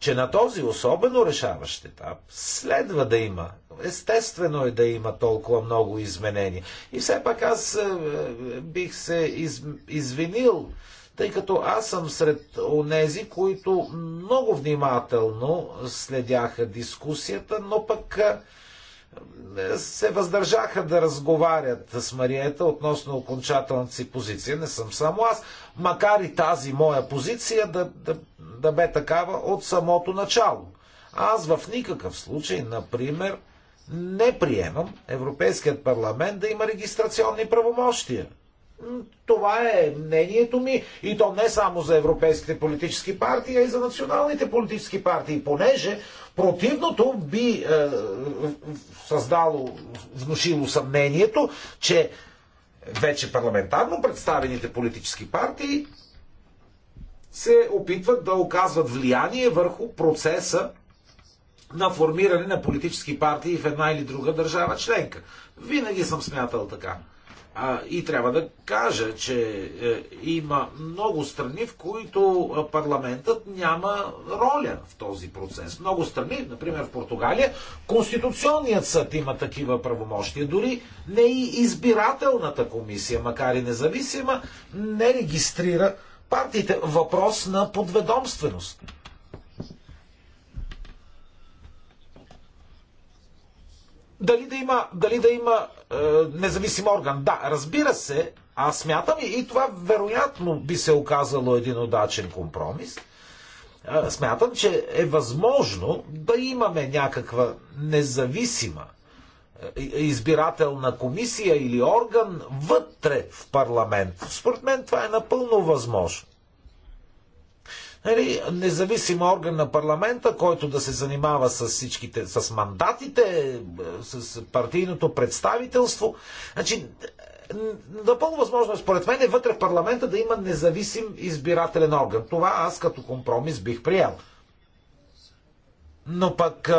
че на този особено решаващ етап следва да има. Естествено е да има толкова много изменения. И все пак аз е, е, бих се из, извинил, тъй като аз съм сред онези, които много внимателно следяха дискусията, но пък е, се въздържаха да разговарят с Мариета относно окончателната си позиция. Не съм само аз, макар и тази моя позиция да, да, да бе такава от самото начало. Аз в никакъв случай, например, не приемам Европейският парламент да има регистрационни правомощия. Това е мнението ми и то не само за европейските политически партии, а и за националните политически партии, понеже противното би е, създало, внушило съмнението, че вече парламентарно представените политически партии се опитват да оказват влияние върху процеса на формиране на политически партии в една или друга държава членка. Винаги съм смятал така. А, и трябва да кажа, че е, има много страни, в които е, парламентът няма роля в този процес. Много страни, например в Португалия, Конституционният съд има такива правомощия, дори не и избирателната комисия, макар и независима, не регистрира партиите. Въпрос на подведомственост. дали да има, дали да има е, независим орган. Да, разбира се, аз смятам и, и това вероятно би се оказало един удачен компромис. Е, смятам, че е възможно да имаме някаква независима е, избирателна комисия или орган вътре в парламент. Според мен това е напълно възможно нали, независим орган на парламента, който да се занимава с всичките, с мандатите, е, с партийното представителство. Значи, напълно възможно е, според мен е вътре в парламента да има независим избирателен орган. Това аз като компромис бих приел. Но пък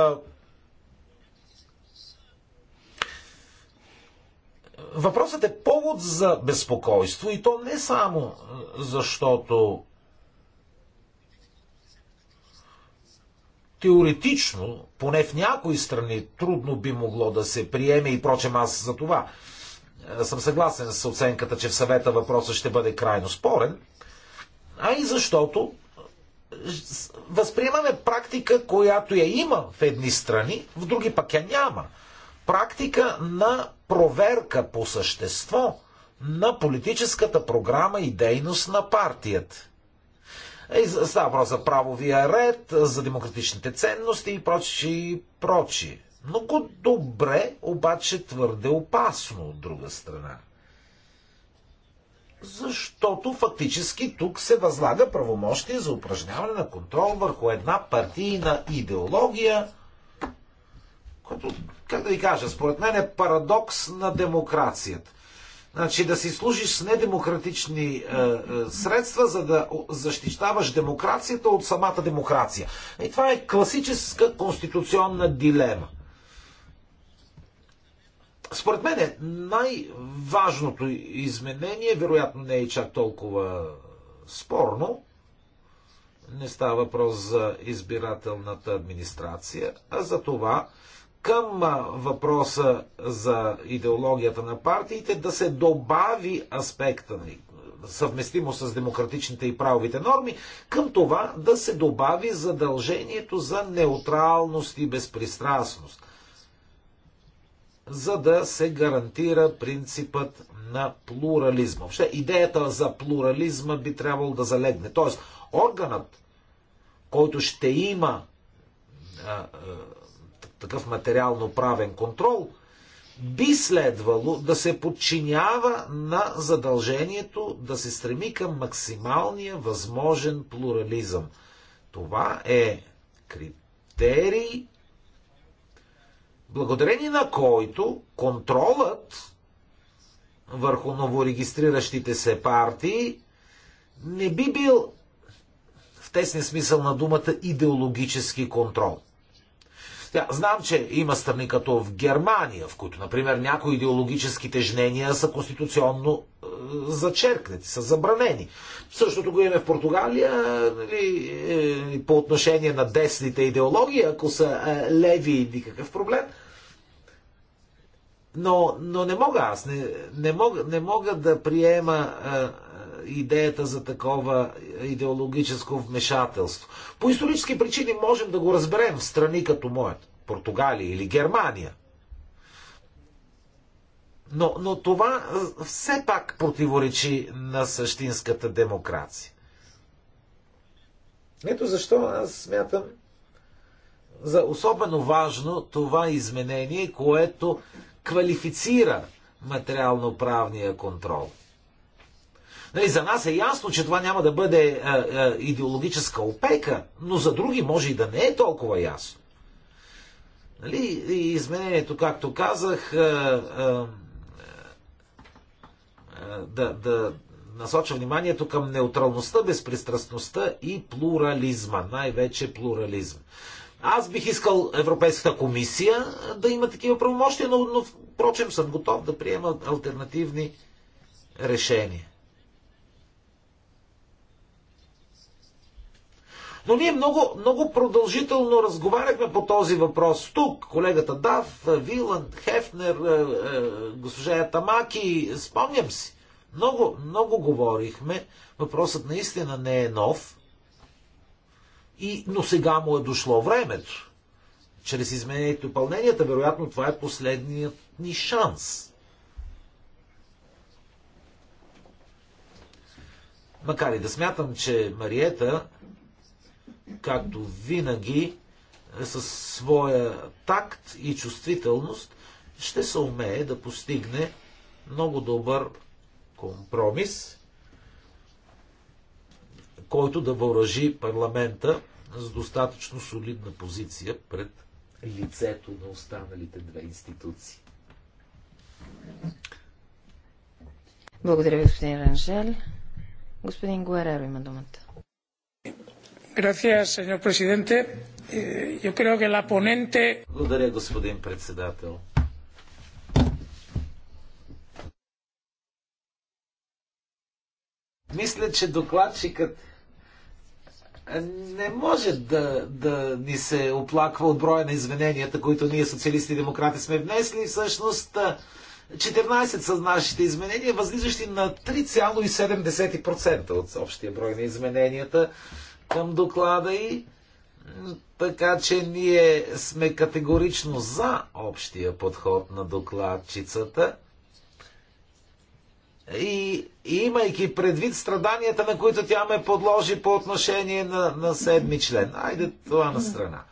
Въпросът е повод за безпокойство и то не само защото теоретично, поне в някои страни, трудно би могло да се приеме и прочем аз за това е, съм съгласен с оценката, че в съвета въпросът ще бъде крайно спорен, а и защото е, възприемаме практика, която я има в едни страни, в други пък я няма. Практика на проверка по същество на политическата програма и дейност на партията. Е, става въпрос за правовия ред, за демократичните ценности и прочи, и прочи. Много добре, обаче твърде опасно от друга страна. Защото фактически тук се възлага правомощие за упражняване на контрол върху една партийна идеология, която, как да ви кажа, според мен е парадокс на демокрацията. Значи да си служиш с недемократични е, е, средства, за да защищаваш демокрацията от самата демокрация. И това е класическа конституционна дилема. Според мен е най-важното изменение, вероятно не е чак толкова спорно, не става въпрос за избирателната администрация, а за това към въпроса за идеологията на партиите да се добави аспекта нали, съвместимо с демократичните и правовите норми, към това да се добави задължението за неутралност и безпристрастност, за да се гарантира принципът на плурализма. Въобще идеята за плурализма би трябвало да залегне. Тоест, органът, който ще има такъв материално-правен контрол, би следвало да се подчинява на задължението да се стреми към максималния възможен плурализъм. Това е критерий, благодарение на който контролът върху новорегистриращите се партии не би бил в тесния смисъл на думата идеологически контрол – да, знам, че има страни като в Германия, в които, например, някои идеологически тежнения са конституционно е, зачеркнати, са забранени. Същото го имаме в Португалия или, нали, е, по отношение на десните идеологии, ако са е, леви, никакъв проблем. Но, но не мога аз, не, не, мога, не мога да приема е, идеята за такова идеологическо вмешателство. По исторически причини можем да го разберем в страни като моят, Португалия или Германия. Но, но това все пак противоречи на същинската демокрация. Ето защо аз смятам за особено важно това изменение, което квалифицира материално-правния контрол. Нали, за нас е ясно, че това няма да бъде а, е, а, е, идеологическа опека, но за други може и да не е толкова ясно. Нали, и изменението, както казах, а, а, а, да, да насоча вниманието към неутралността, безпристрастността и плурализма. Най-вече плурализм. Аз бих искал Европейската комисия да има такива правомощия, но, но впрочем съм готов да приема альтернативни решения. Но ние много, много продължително разговаряхме по този въпрос. Тук колегата Дав, Вилан, Хефнер, е, е, госпожа Ятамаки, спомням си. Много, много говорихме. Въпросът наистина не е нов. И, но сега му е дошло времето. Чрез изменението и допълненията, вероятно, това е последният ни шанс. Макар и да смятам, че Мариета както винаги, със своя такт и чувствителност, ще се умее да постигне много добър компромис, който да въоръжи парламента с достатъчно солидна позиция пред лицето на останалите две институции. Благодаря ви, господин Ранжел. Господин Гуареро има думата señor presidente. Eh, yo creo que la ponente... Благодаря, господин председател. Мисля, че докладчикът не може да, да ни се оплаква от броя на измененията, които ние, социалисти и демократи, сме внесли. Всъщност, 14 са нашите изменения, възлизащи на 3,7% от общия брой на измененията към доклада и така че ние сме категорично за общия подход на докладчицата. И, имайки предвид страданията, на които тя ме подложи по отношение на, на седми член. Айде това на страна.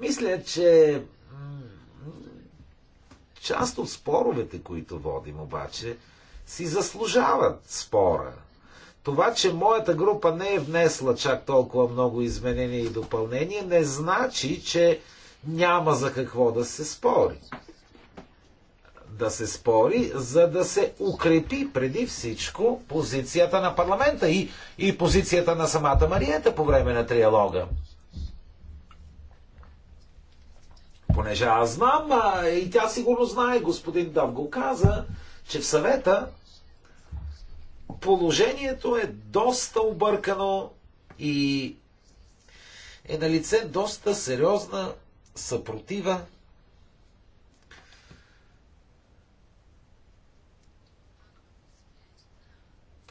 Мисля, че част от споровете, които водим обаче, си заслужават спора това, че моята група не е внесла чак толкова много изменения и допълнения, не значи, че няма за какво да се спори. Да се спори, за да се укрепи преди всичко позицията на парламента и, и позицията на самата Мариета по време на триалога. Понеже аз знам, а и тя сигурно знае, господин Дав го каза, че в съвета положението е доста объркано и е на лице доста сериозна съпротива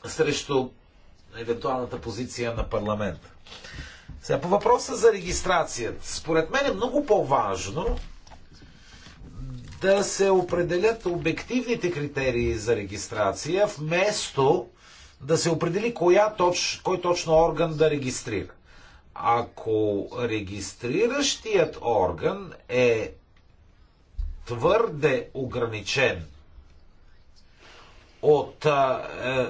срещу евентуалната позиция на парламента. Сега по въпроса за регистрацията. Според мен е много по-важно да се определят обективните критерии за регистрация, вместо да се определи коя точ, кой точно орган да регистрира. Ако регистриращият орган е твърде ограничен от е,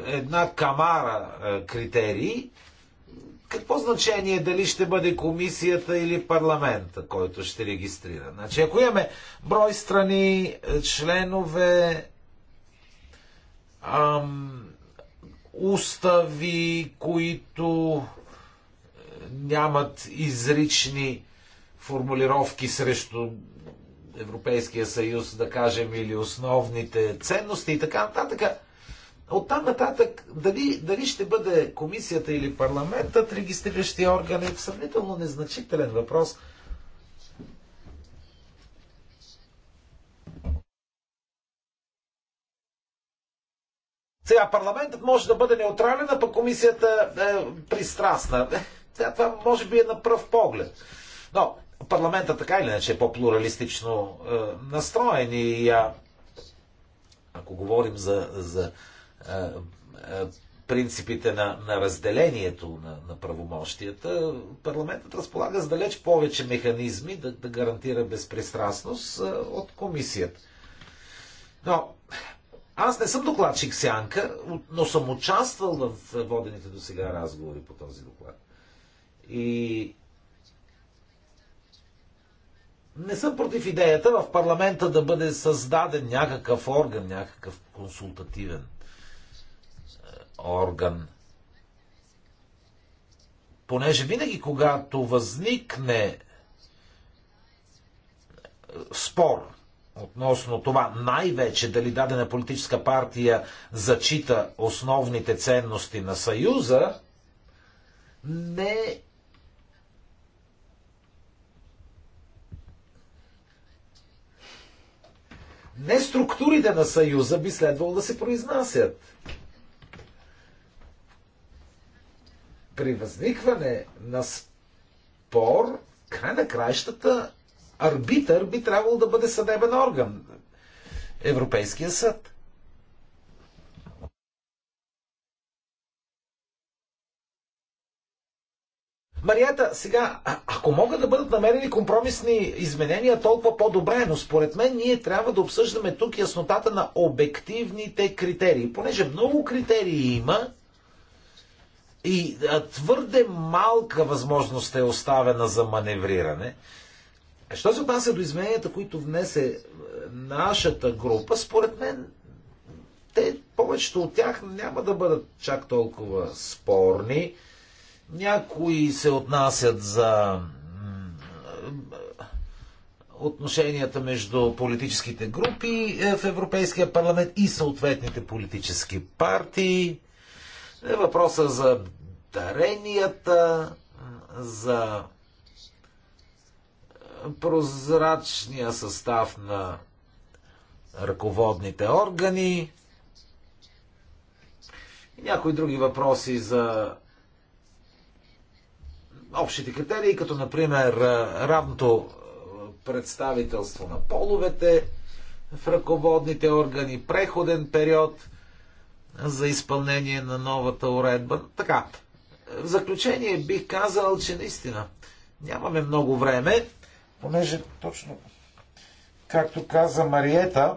една камара критерии, какво значение дали ще бъде комисията или парламента, който ще регистрира? Значи, ако имаме брой страни, е, членове, ам, устави, които е, нямат изрични формулировки срещу Европейския съюз, да кажем, или основните ценности и така нататък оттам нататък дали, дали ще бъде комисията или парламентът, регистриращи орган е сравнително незначителен въпрос. Сега парламентът може да бъде неутрален, а пък комисията е пристрастна. Сега това може би е на пръв поглед. Но парламента така или иначе е по-плуралистично е, настроен и а, ако говорим за, за принципите на, на разделението на, на правомощията, парламентът разполага с далеч повече механизми да, да гарантира безпристрастност от комисията. Но аз не съм докладчик Сянка, но съм участвал в водените до сега разговори по този доклад. И не съм против идеята в парламента да бъде създаден някакъв орган, някакъв консултативен орган. Понеже винаги, когато възникне е, спор относно това най-вече дали дадена политическа партия зачита основните ценности на Съюза, не не структурите на Съюза би следвало да се произнасят. при възникване на спор, край на краищата, арбитър би трябвало да бъде съдебен орган. Европейския съд. Марията, сега, а, ако могат да бъдат намерени компромисни изменения, толкова по-добре, но според мен ние трябва да обсъждаме тук яснотата на обективните критерии. Понеже много критерии има, и твърде малка възможност е оставена за маневриране. Що се отнася до измененията, които внесе е, нашата група, според мен те, повечето от тях няма да бъдат чак толкова спорни. Някои се отнасят за отношенията между политическите групи е, в Европейския парламент и съответните политически партии. Е, въпроса за даренията, за прозрачния състав на ръководните органи и някои други въпроси за общите критерии, като например равното представителство на половете в ръководните органи, преходен период за изпълнение на новата уредба. Така, в заключение бих казал, че наистина нямаме много време, понеже точно както каза Мариета,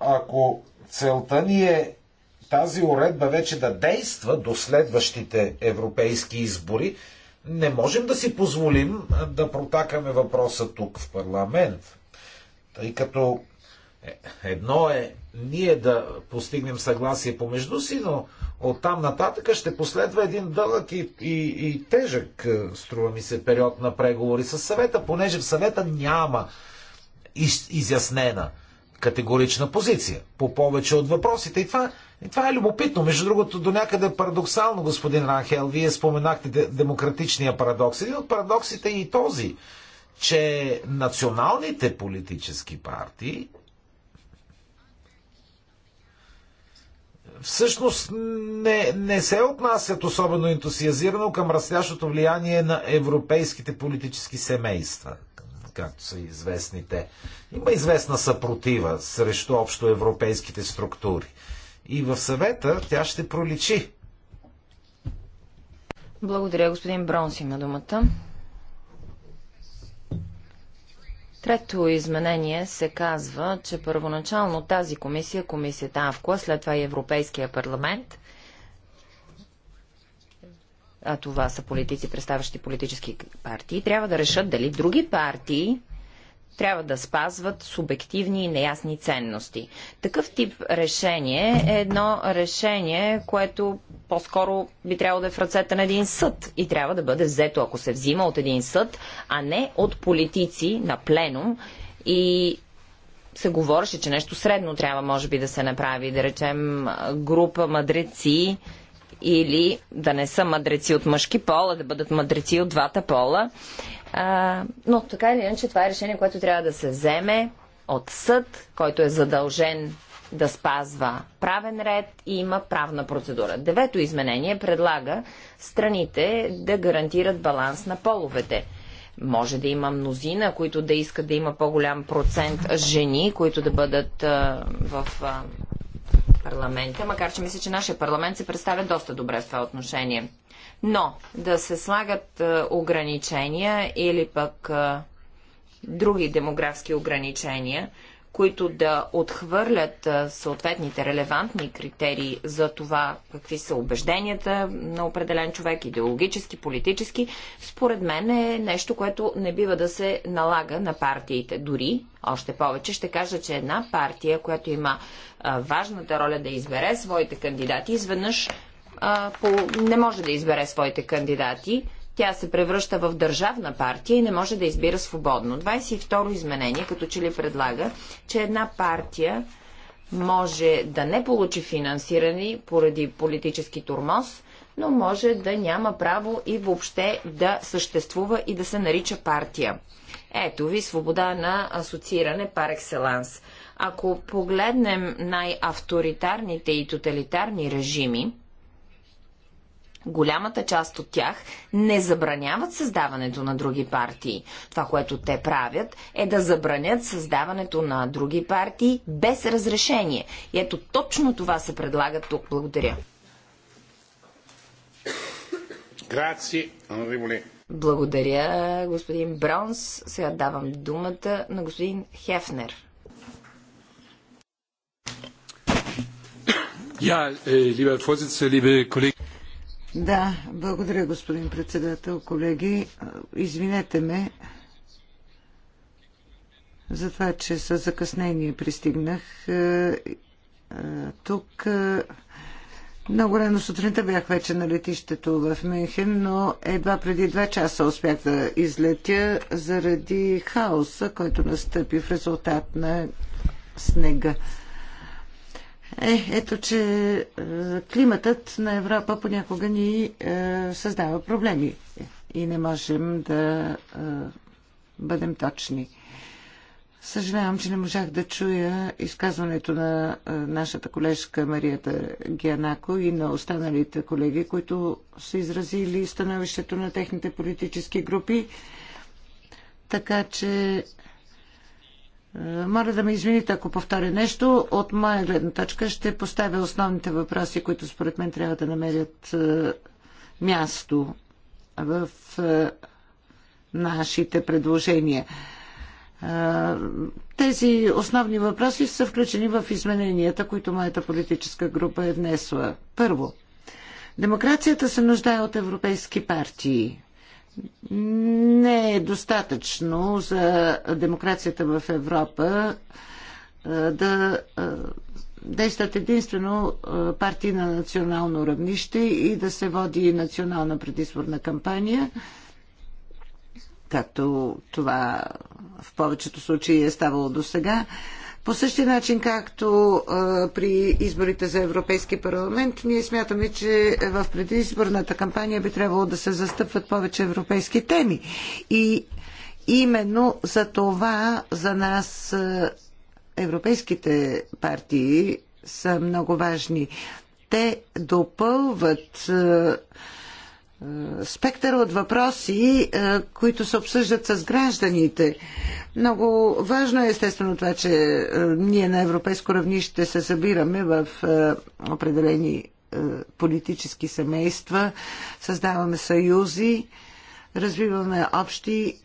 ако целта ни е тази уредба вече да действа до следващите европейски избори, не можем да си позволим да протакаме въпроса тук в парламент. Тъй като е, едно е ние да постигнем съгласие помежду си, но Оттам нататък ще последва един дълъг и, и, и тежък, е, струва ми се, период на преговори с съвета, понеже в съвета няма из, изяснена категорична позиция по повече от въпросите. И това, и това е любопитно. Между другото, до някъде е парадоксално, господин Ранхел, вие споменахте демократичния парадокс. Един от парадоксите е и този, че националните политически партии всъщност не, не се отнасят особено ентусиазирано към растящото влияние на европейските политически семейства, както са известните. Има известна съпротива срещу общо европейските структури. И в съвета тя ще проличи. Благодаря, господин Бронс има думата. Трето изменение се казва, че първоначално тази комисия, комисията АВКО, след това и Европейския парламент, а това са политици, представящи политически партии, трябва да решат дали други партии трябва да спазват субективни и неясни ценности. Такъв тип решение е едно решение, което по-скоро би трябвало да е в ръцете на един съд и трябва да бъде взето, ако се взима от един съд, а не от политици на пленум и се говореше, че нещо средно трябва, може би, да се направи, да речем, група мадреци, или да не са мъдреци от мъжки пол, а да бъдат мъдреци от двата пола. А, но така или иначе това е решение, което трябва да се вземе от съд, който е задължен да спазва правен ред и има правна процедура. Девето изменение предлага страните да гарантират баланс на половете. Може да има мнозина, които да искат да има по-голям процент жени, които да бъдат а, в а, парламента, макар че мисля, че нашия парламент се представя доста добре в това отношение. Но да се слагат е, ограничения или пък е, други демографски ограничения, които да отхвърлят съответните релевантни критерии за това какви са убежденията на определен човек, идеологически, политически, според мен е нещо, което не бива да се налага на партиите. Дори, още повече, ще кажа, че една партия, която има важната роля да избере своите кандидати, изведнъж по, не може да избере своите кандидати тя се превръща в държавна партия и не може да избира свободно. 22-ро изменение като че ли предлага, че една партия може да не получи финансиране поради политически турмоз, но може да няма право и въобще да съществува и да се нарича партия. Ето ви свобода на асоцииране пар екселанс. Ако погледнем най-авторитарните и тоталитарни режими, голямата част от тях не забраняват създаването на други партии. Това, което те правят, е да забранят създаването на други партии без разрешение. И ето точно това се предлага тук. Благодаря. Благодаря, господин Бронс. Сега давам думата на господин Хефнер. Ja, äh, lieber Vorsitzender, liebe Kollegen. Да, благодаря, господин председател, колеги. Извинете ме за това, че с закъснение пристигнах тук. Много рано сутринта бях вече на летището в Мюнхен, но едва преди два часа успях да излетя заради хаоса, който настъпи в резултат на снега. Е, ето, че е, климатът на Европа понякога ни е, създава проблеми и не можем да е, бъдем точни. Съжалявам, че не можах да чуя изказването на е, нашата колежка Марията Гианако и на останалите колеги, които са изразили становището на техните политически групи. Така че е, моля да ме извините, ако повторя нещо. От моя гледна точка ще поставя основните въпроси, които според мен трябва да намерят е, място в е, нашите предложения. Тези основни въпроси са включени в измененията, които моята политическа група е внесла. Първо, демокрацията се нуждае от европейски партии не е достатъчно за демокрацията в Европа да действат единствено партии на национално равнище и да се води национална предизборна кампания, както това в повечето случаи е ставало до сега. По същия начин, както при изборите за Европейски парламент, ние смятаме, че в предизборната кампания би трябвало да се застъпват повече европейски теми. И именно за това за нас европейските партии са много важни. Те допълват спектър от въпроси, е, които се обсъждат с гражданите. Много важно е естествено това, че е, ние на европейско равнище се събираме в е, определени политически семейства, създаваме съюзи, развиваме общи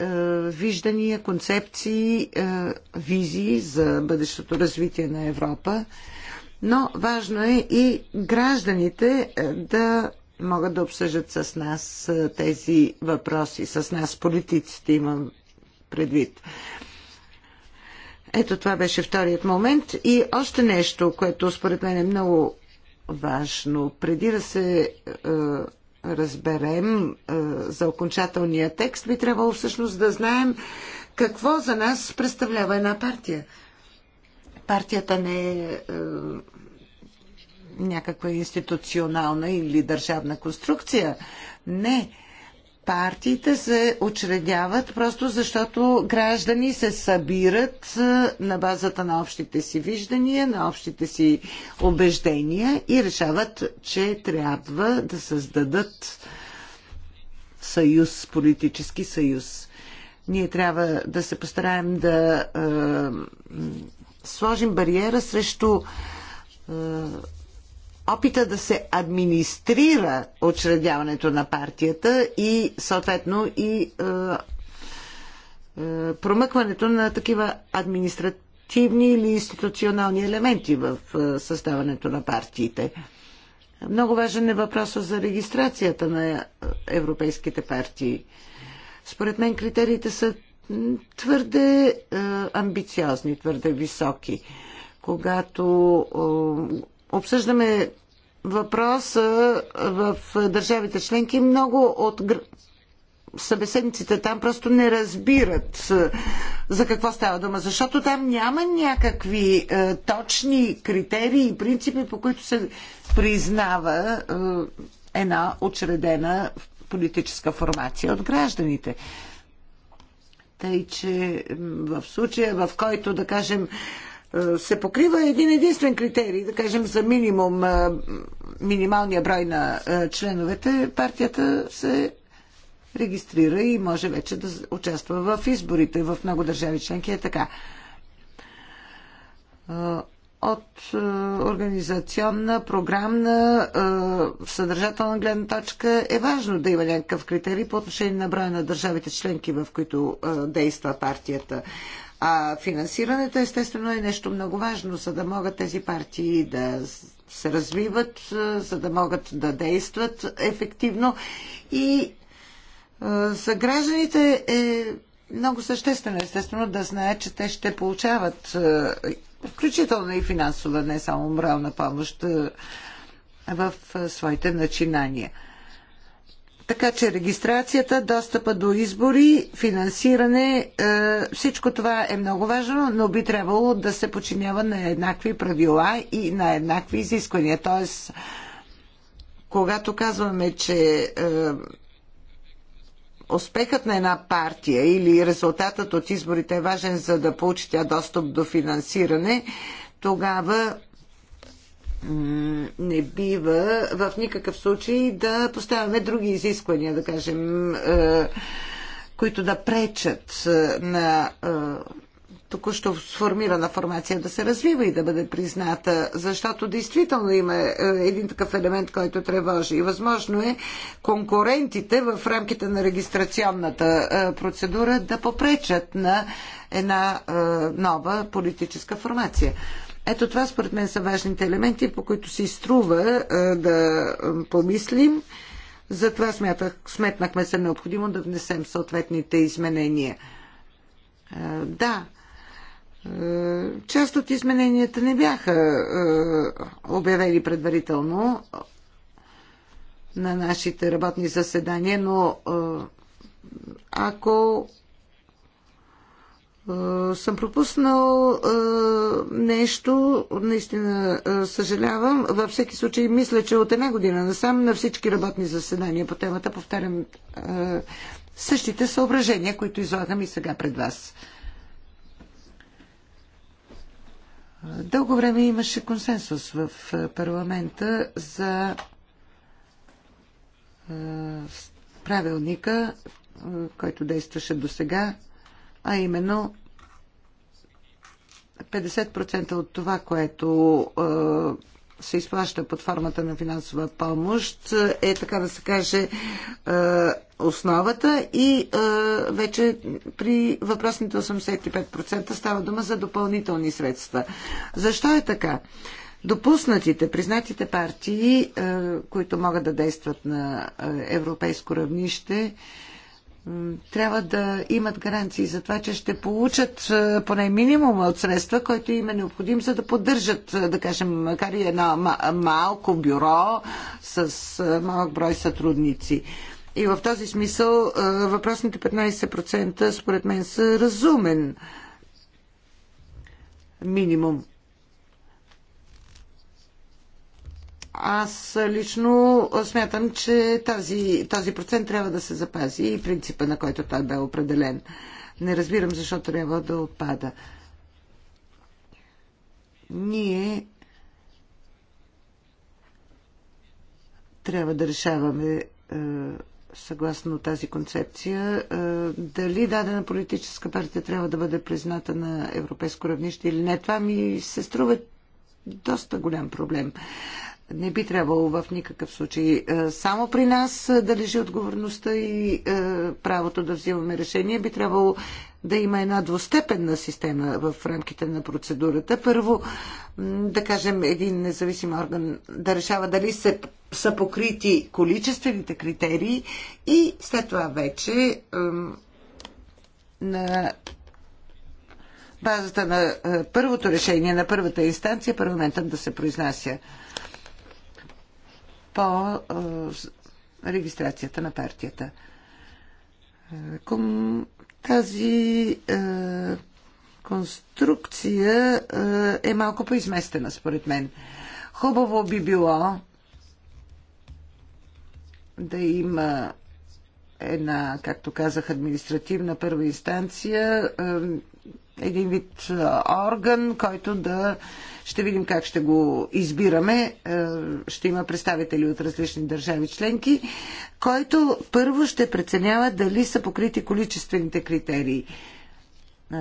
виждания, концепции, визии за бъдещото развитие на Европа. Но важно е и гражданите да могат да обсъждат с нас тези въпроси, с нас политиците имам предвид. Ето това беше вторият момент. И още нещо, което според мен е много важно. Преди да се е, разберем е, за окончателния текст, би трябвало всъщност да знаем какво за нас представлява една партия. Партията не е, е някаква институционална или държавна конструкция. Не. Партиите се учредяват просто защото граждани се събират на базата на общите си виждания, на общите си убеждения и решават, че трябва да създадат съюз, политически съюз. Ние трябва да се постараем да е, сложим бариера срещу е, опита да се администрира учредяването на партията и съответно и е, е, промъкването на такива административни или институционални елементи в е, съставането на партиите. Много важен е въпросът за регистрацията на европейските партии. Според мен критериите са твърде е, амбициозни, твърде високи. Когато е, обсъждаме въпроса в държавите членки, много от събеседниците там просто не разбират е, за какво става дума, защото там няма някакви е, точни критерии и принципи, по които се признава е, една учредена политическа формация от гражданите. Тъй, че в случая, в който, да кажем, е, се покрива един единствен критерий, да кажем за минимум, е, минималния брой на е, членовете, партията се регистрира и може вече да участва в изборите. В много държави членки е така. От организационна, програмна, съдържателна гледна точка е важно да има някакъв критерий по отношение на броя на държавите членки, в които действа партията. А финансирането естествено е нещо много важно, за да могат тези партии да се развиват, е, за да могат да действат ефективно. И е, за гражданите е много съществено, естествено, да знаят, че те ще получават е, включително и финансова, не само морална помощ в своите начинания. Така че регистрацията, достъпа до избори, финансиране, е, всичко това е много важно, но би трябвало да се подчинява на еднакви правила и на еднакви изисквания. Тоест, когато казваме, че е, успехът на една партия или резултатът от изборите е важен за да получи тя достъп до финансиране, тогава не бива в никакъв случай да поставяме други изисквания, да кажем, е, които да пречат е, на е, току-що сформирана формация да се развива и да бъде призната, защото действително има един такъв елемент, който тревожи. И възможно е конкурентите в рамките на регистрационната процедура да попречат на една нова политическа формация. Ето това според мен са важните елементи, по които си струва да помислим. Затова смятах, сметнахме се необходимо да внесем съответните изменения. Да, част от измененията не бяха обявени предварително на нашите работни заседания, но ако е, съм пропуснал е, нещо, наистина е, съжалявам. Във всеки случай мисля, че от една година насам на всички работни заседания по темата повтарям същите съображения, които излагам и сега пред вас. Дълго време имаше консенсус в парламента за правилника, който действаше до сега а именно 50% от това, което се изплаща под формата на финансова помощ, е така да се каже основата и вече при въпросните 85% става дума за допълнителни средства. Защо е така? Допуснатите, признатите партии, които могат да действат на европейско равнище, трябва да имат гаранции за това, че ще получат е, поне минимума от средства, който им е необходим, за да поддържат, е, да кажем, макар и едно малко бюро с е, малък брой сътрудници. И в този смисъл въпросните 15% според мен са разумен минимум. Аз лично смятам, че тази, този процент трябва да се запази и принципа, на който той бе определен. Не разбирам защо трябва да отпада. Ние трябва да решаваме е, съгласно тази концепция, е, дали дадена политическа партия трябва да бъде призната на европейско равнище или не. Това ми се струва доста голям проблем не би трябвало в никакъв случай е, само при нас е, да лежи отговорността и е, правото да взимаме решение. Би трябвало да има една двустепенна система в рамките на процедурата. Първо, да кажем, един независим орган да решава дали се, са покрити количествените критерии и след това вече на базата на първото решение на първата инстанция парламентът да се произнася по регистрацията на партията. Тази конструкция е малко поизместена, според мен. Хубаво би било да има една, както казах, административна първа инстанция, един вид е, орган, който да ще видим как ще го избираме. Е, ще има представители от различни държави членки, който първо ще преценява дали са покрити количествените критерии. Е,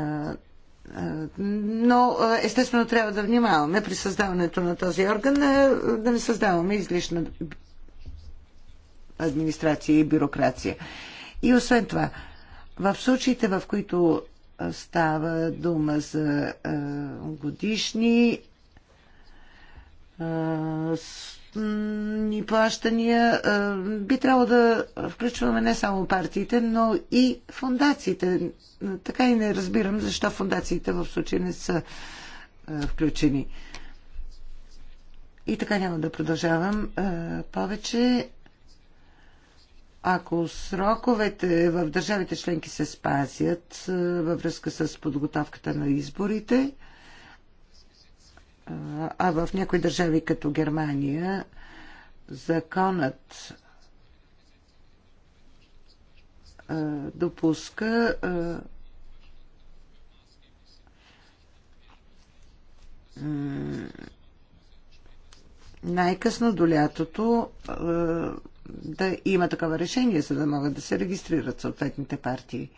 но естествено трябва да внимаваме при създаването на този орган да не създаваме излишна администрация и бюрокрация. И освен това, в случаите, в които Става дума за годишни ни плащания. Би трябвало да включваме не само партиите, но и фундациите. Така и не разбирам защо фундациите в случай не са включени. И така няма да продължавам повече. Ако сроковете в държавите членки се спазят е, във връзка с подготовката на изборите, е, а в някои държави като Германия законът е, допуска най-късно до лятото да има такова решение, за да могат да се регистрират съответните партии.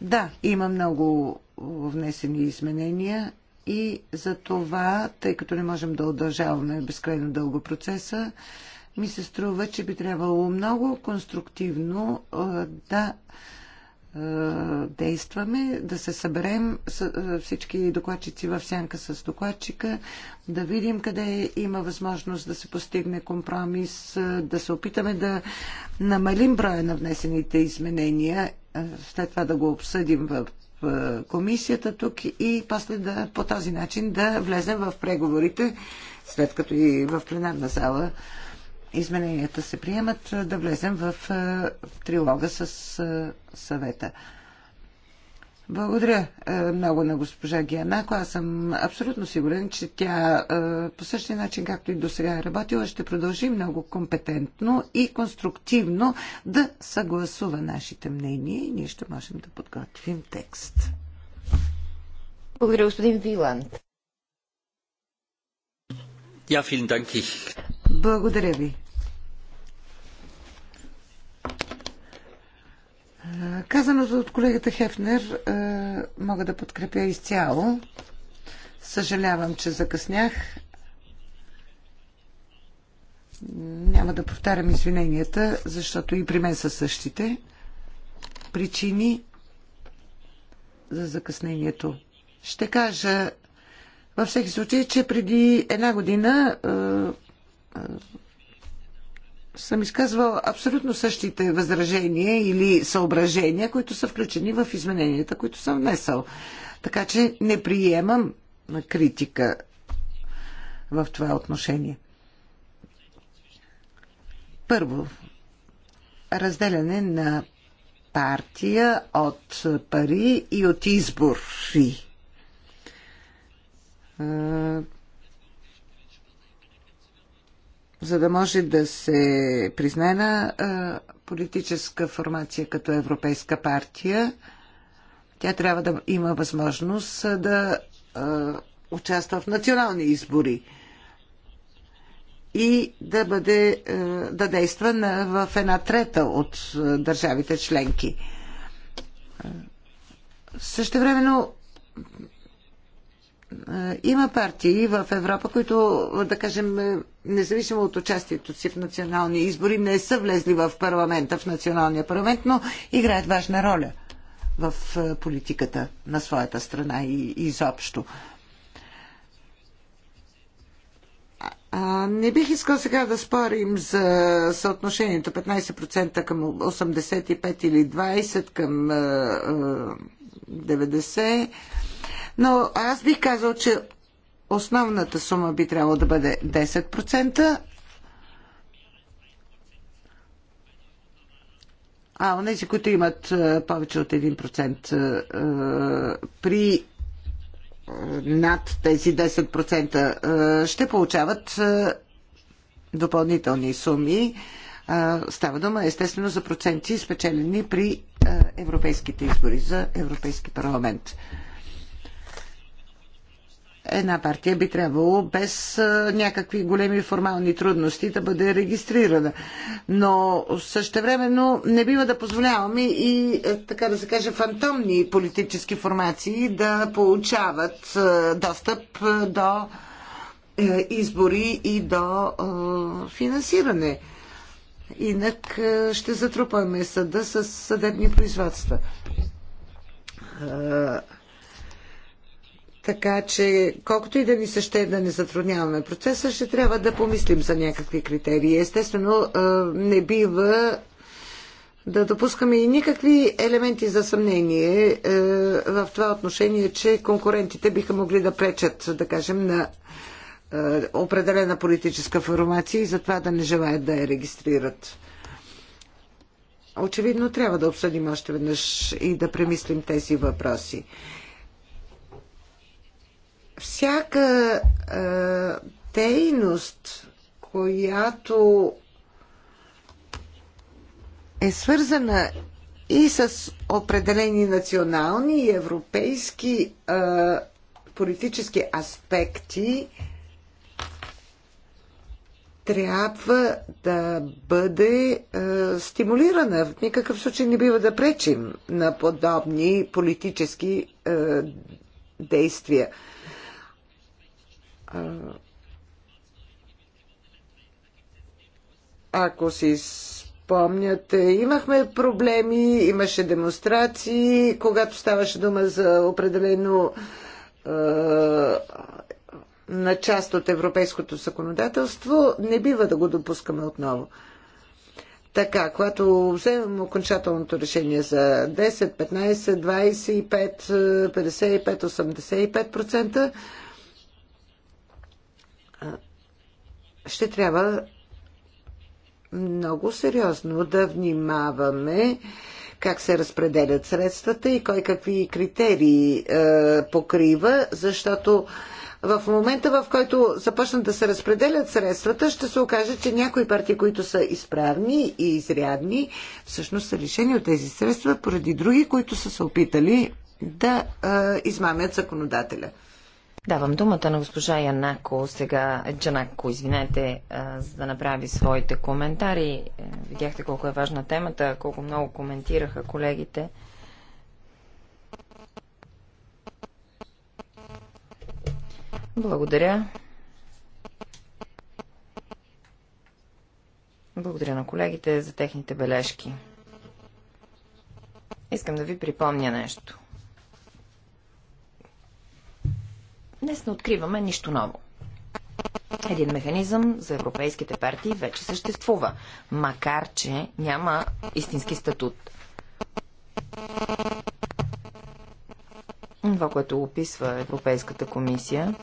Да, има много внесени изменения и за това, тъй като не можем да удължаваме безкрайно дълго процеса, ми се струва, че би трябвало много конструктивно да е, действаме, да се съберем е, всички докладчици в сянка с докладчика, да видим къде има възможност да се постигне компромис, е, да се опитаме да намалим броя на внесените изменения, след това да го обсъдим в комисията тук и после да по този начин да влезем в преговорите, след като и в пленарна зала измененията се приемат, да влезем в трилога с съвета. Благодаря много на госпожа Гианако. Аз съм абсолютно сигурен, че тя по същия начин, както и до сега е работила, ще продължи много компетентно и конструктивно да съгласува нашите мнения и ние ще можем да подготвим текст. Благодаря, господин Виланд. Ja, vielen Dank. Ich... Благодаря ви. Казаното от колегата Хефнер е, мога да подкрепя изцяло. Съжалявам, че закъснях. Няма да повтарям извиненията, защото и при мен са същите причини за закъснението. Ще кажа във всеки случай, че преди една година е, съм изказвал абсолютно същите възражения или съображения, които са включени в измененията, които съм внесъл. Така че не приемам критика в това отношение. Първо, разделяне на партия от пари и от избори за да може да се признае на политическа формация като Европейска партия. Тя трябва да има възможност да участва в национални избори и да, бъде, да действа в една трета от държавите членки. времено има партии в Европа, които, да кажем, независимо от участието си в национални избори, не са влезли в парламента, в националния парламент, но играят важна роля в политиката на своята страна и изобщо. А, не бих искал сега да спорим за съотношението 15% към 85 или 20 към 90. Но аз бих казал, че основната сума би трябвало да бъде 10%, а онези, които имат повече от 1% при над тези 10% ще получават допълнителни суми. Става дума естествено за проценти, спечелени при европейските избори за Европейски парламент една партия би трябвало без някакви големи формални трудности да бъде регистрирана. Но същевременно не бива да позволяваме и, е, така да се каже, фантомни политически формации да получават достъп до е, избори и до финансиране. Инак ще затрупаме съда с съдебни производства така че, колкото и да ни се ще да не затрудняваме процеса, ще трябва да помислим за някакви критерии. Естествено, не бива да допускаме и никакви елементи за съмнение в това отношение, че конкурентите биха могли да пречат, да кажем, на определена политическа формация и затова да не желаят да я регистрират. Очевидно трябва да обсъдим още веднъж и да премислим тези въпроси всяка а, е, дейност, която е свързана и с определени национални и европейски а, е, политически аспекти, трябва да бъде а, е, стимулирана. В никакъв случай не бива да пречим на подобни политически а, действия. Ако си спомняте, имахме проблеми, имаше демонстрации, когато ставаше дума за определено а, на част от европейското законодателство, не бива да го допускаме отново. Така, когато вземем окончателното решение за 10, 15, 25, 55, 85%, ще трябва много сериозно да внимаваме как се разпределят средствата и кой какви критерии е, покрива, защото в момента, в който започнат да се разпределят средствата, ще се окаже, че някои партии, които са изправни и изрядни, всъщност са лишени от тези средства, поради други, които са се опитали да е, измамят законодателя. Давам думата на госпожа Янако, сега е, Джанако, извинете, за да направи своите коментари. Е, видяхте колко е важна темата, колко много коментираха колегите. Благодаря. Благодаря на колегите за техните бележки. Искам да ви припомня нещо. Днес не откриваме нищо ново. Един механизъм за европейските партии вече съществува, макар че няма истински статут. Това, което описва Европейската комисия,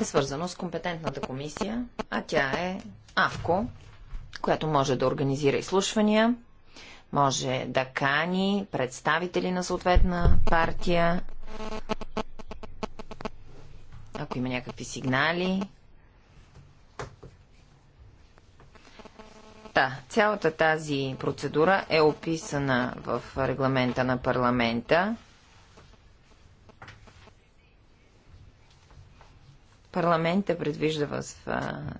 е свързано с компетентната комисия, а тя е АВКО, която може да организира изслушвания, може да кани представители на съответна партия, ако има някакви сигнали. Та, да, цялата тази процедура е описана в регламента на парламента. Парламентът предвижда в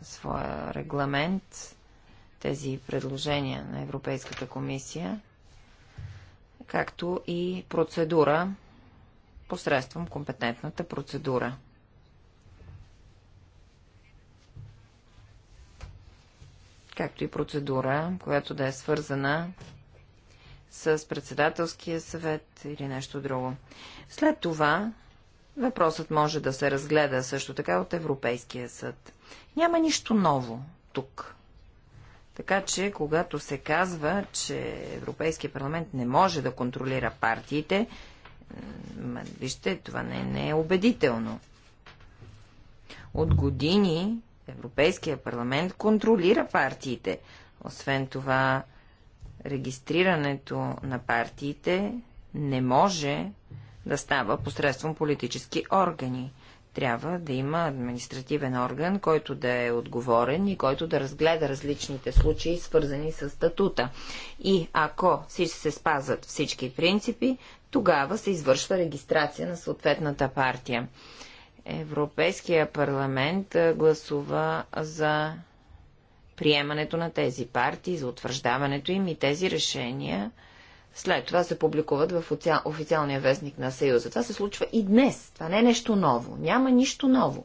своя регламент тези предложения на Европейската комисия, както и процедура посредством компетентната процедура. Както и процедура, която да е свързана с председателския съвет или нещо друго. След това въпросът може да се разгледа също така от Европейския съд. Няма нищо ново тук. Така че, когато се казва, че Европейския парламент не може да контролира партиите, вижте, това не, не е убедително. От години Европейския парламент контролира партиите. Освен това, регистрирането на партиите не може да става посредством политически органи. Трябва да има административен орган, който да е отговорен и който да разгледа различните случаи, свързани с статута. И ако всички се спазват всички принципи, тогава се извършва регистрация на съответната партия. Европейския парламент гласува за приемането на тези партии, за утвърждаването им и тези решения след това се публикуват в официалния вестник на Съюза. Това се случва и днес. Това не е нещо ново. Няма нищо ново.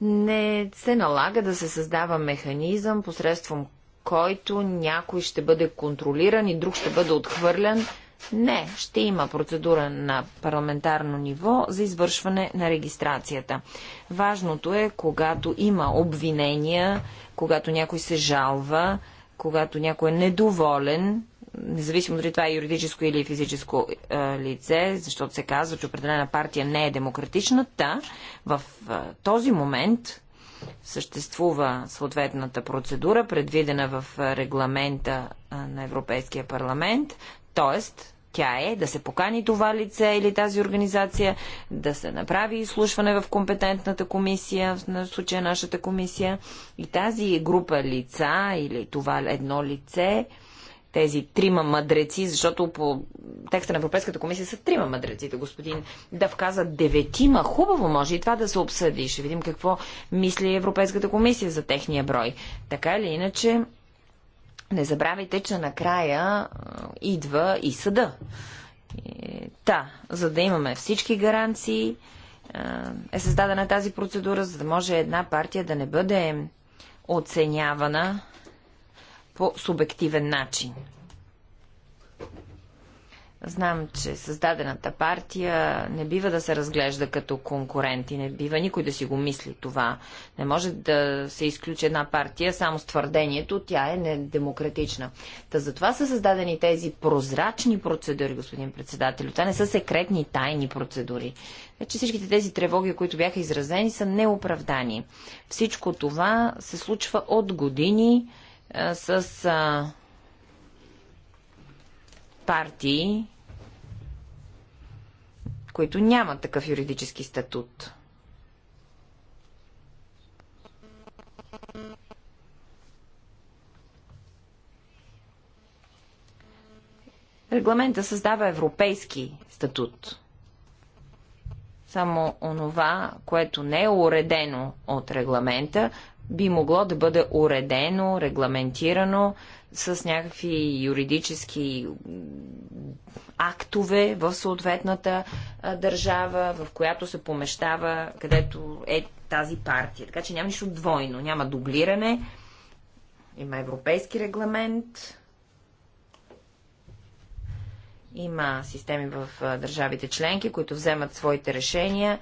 Не се налага да се създава механизъм, посредством който някой ще бъде контролиран и друг ще бъде отхвърлен не, ще има процедура на парламентарно ниво за извършване на регистрацията. Важното е, когато има обвинения, когато някой се жалва, когато някой е недоволен, независимо дали това е юридическо или физическо е, лице, защото се казва, че определена партия не е демократична, та в е, този момент съществува съответната процедура, предвидена в регламента е, на Европейския парламент Тоест, тя е да се покани това лице или тази организация, да се направи изслушване в компетентната комисия, в случая нашата комисия, и тази група лица или това едно лице, тези трима мъдреци, защото по текста на Европейската комисия са трима мъдреците, господин да вказа деветима. Хубаво може и това да се обсъди. Ще видим какво мисли Европейската комисия за техния брой. Така или иначе, не забравяйте, че накрая идва и съда. Та, за да имаме всички гаранции, е създадена тази процедура, за да може една партия да не бъде оценявана по субективен начин. Знам, че създадената партия не бива да се разглежда като конкурент и не бива никой да си го мисли това. Не може да се изключи една партия само с твърдението, тя е недемократична. Та затова са създадени тези прозрачни процедури, господин председател. Това не са секретни тайни процедури. че значи всичките тези тревоги, които бяха изразени, са неоправдани. Всичко това се случва от години с партии, които нямат такъв юридически статут. Регламента създава европейски статут. Само онова, което не е уредено от регламента, би могло да бъде уредено, регламентирано с някакви юридически актове в съответната държава, в която се помещава, където е тази партия. Така че няма нищо двойно, няма дублиране, има европейски регламент, има системи в държавите членки, които вземат своите решения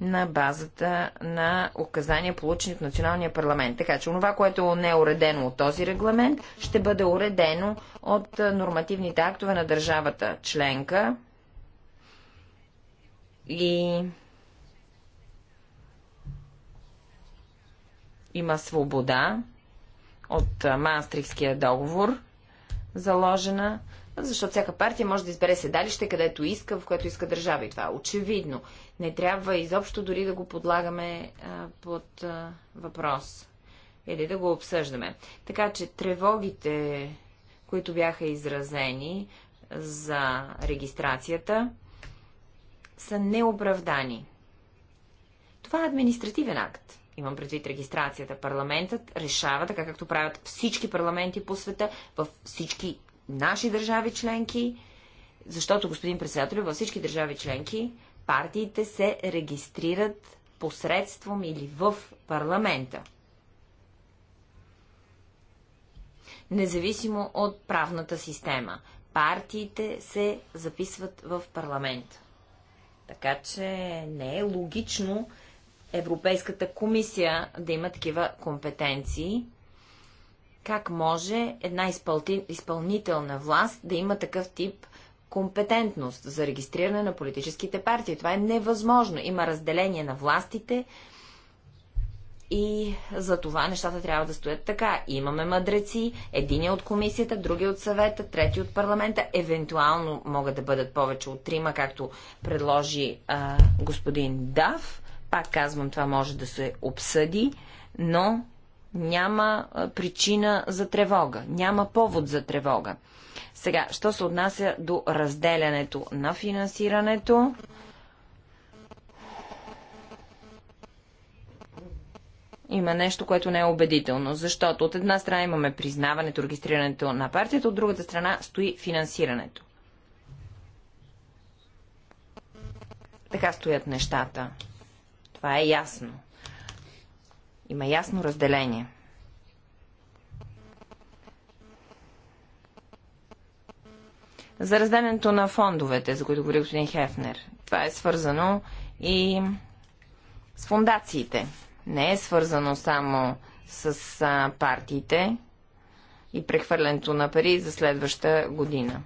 на базата на указания, получени от Националния парламент. Така че това, което не е уредено от този регламент, ще бъде уредено от нормативните актове на държавата членка и има свобода от Маастрихския договор заложена, защото всяка партия може да избере седалище, където иска, в което иска държава и това е очевидно. Не трябва изобщо дори да го подлагаме а, под а, въпрос или да го обсъждаме. Така че тревогите, които бяха изразени за регистрацията, са неоправдани. Това е административен акт. Имам предвид регистрацията. Парламентът решава, така както правят всички парламенти по света, във всички наши държави членки, защото, господин председател, във всички държави членки партиите се регистрират посредством или в парламента. Независимо от правната система, партиите се записват в парламента. Така че не е логично Европейската комисия да има такива компетенции. Как може една изпълнителна власт да има такъв тип компетентност за регистриране на политическите партии. Това е невъзможно. Има разделение на властите и за това нещата трябва да стоят така. Имаме мъдреци, един е от комисията, други от съвета, трети от парламента, евентуално могат да бъдат повече от трима, както предложи а, господин Дав. Пак казвам, това може да се обсъди, но няма причина за тревога, няма повод за тревога. Сега, що се отнася до разделянето на финансирането? Има нещо, което не е убедително, защото от една страна имаме признаването, регистрирането на партията, от другата страна стои финансирането. Така стоят нещата. Това е ясно. Има ясно разделение. За разделянето на фондовете, за които говори господин Хефнер. Това е свързано и с фундациите. Не е свързано само с а, партиите и прехвърлянето на пари за следваща година.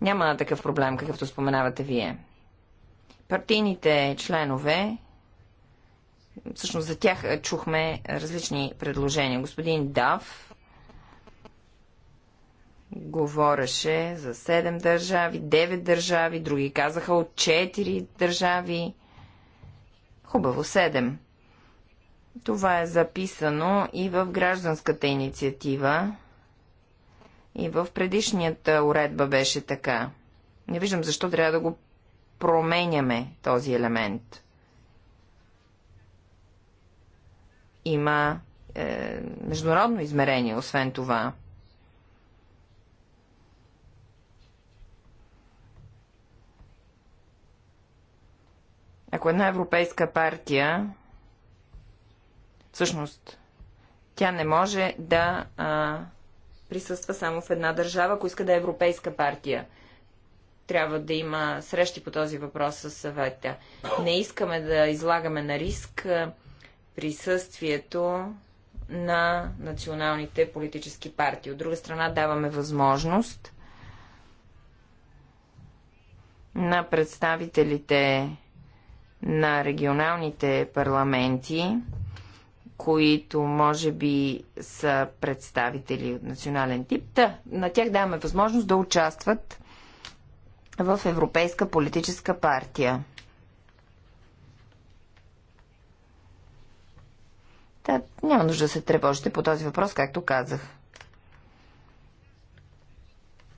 Няма такъв проблем, какъвто споменавате вие. Партийните членове, всъщност за тях чухме различни предложения. Господин Дав говореше за 7 държави, 9 държави, други казаха от 4 държави. Хубаво, 7. Това е записано и в гражданската инициатива. И в предишнията уредба беше така. Не виждам защо трябва да го променяме този елемент. Има е, международно измерение, освен това. Ако една европейска партия, всъщност, тя не може да а, присъства само в една държава, ако иска да е европейска партия. Трябва да има срещи по този въпрос с съвета. Не искаме да излагаме на риск присъствието на националните политически партии. От друга страна даваме възможност на представителите на регионалните парламенти, които може би са представители от национален тип, да, на тях даваме възможност да участват в Европейска политическа партия. Да, няма нужда да се тревожите по този въпрос, както казах.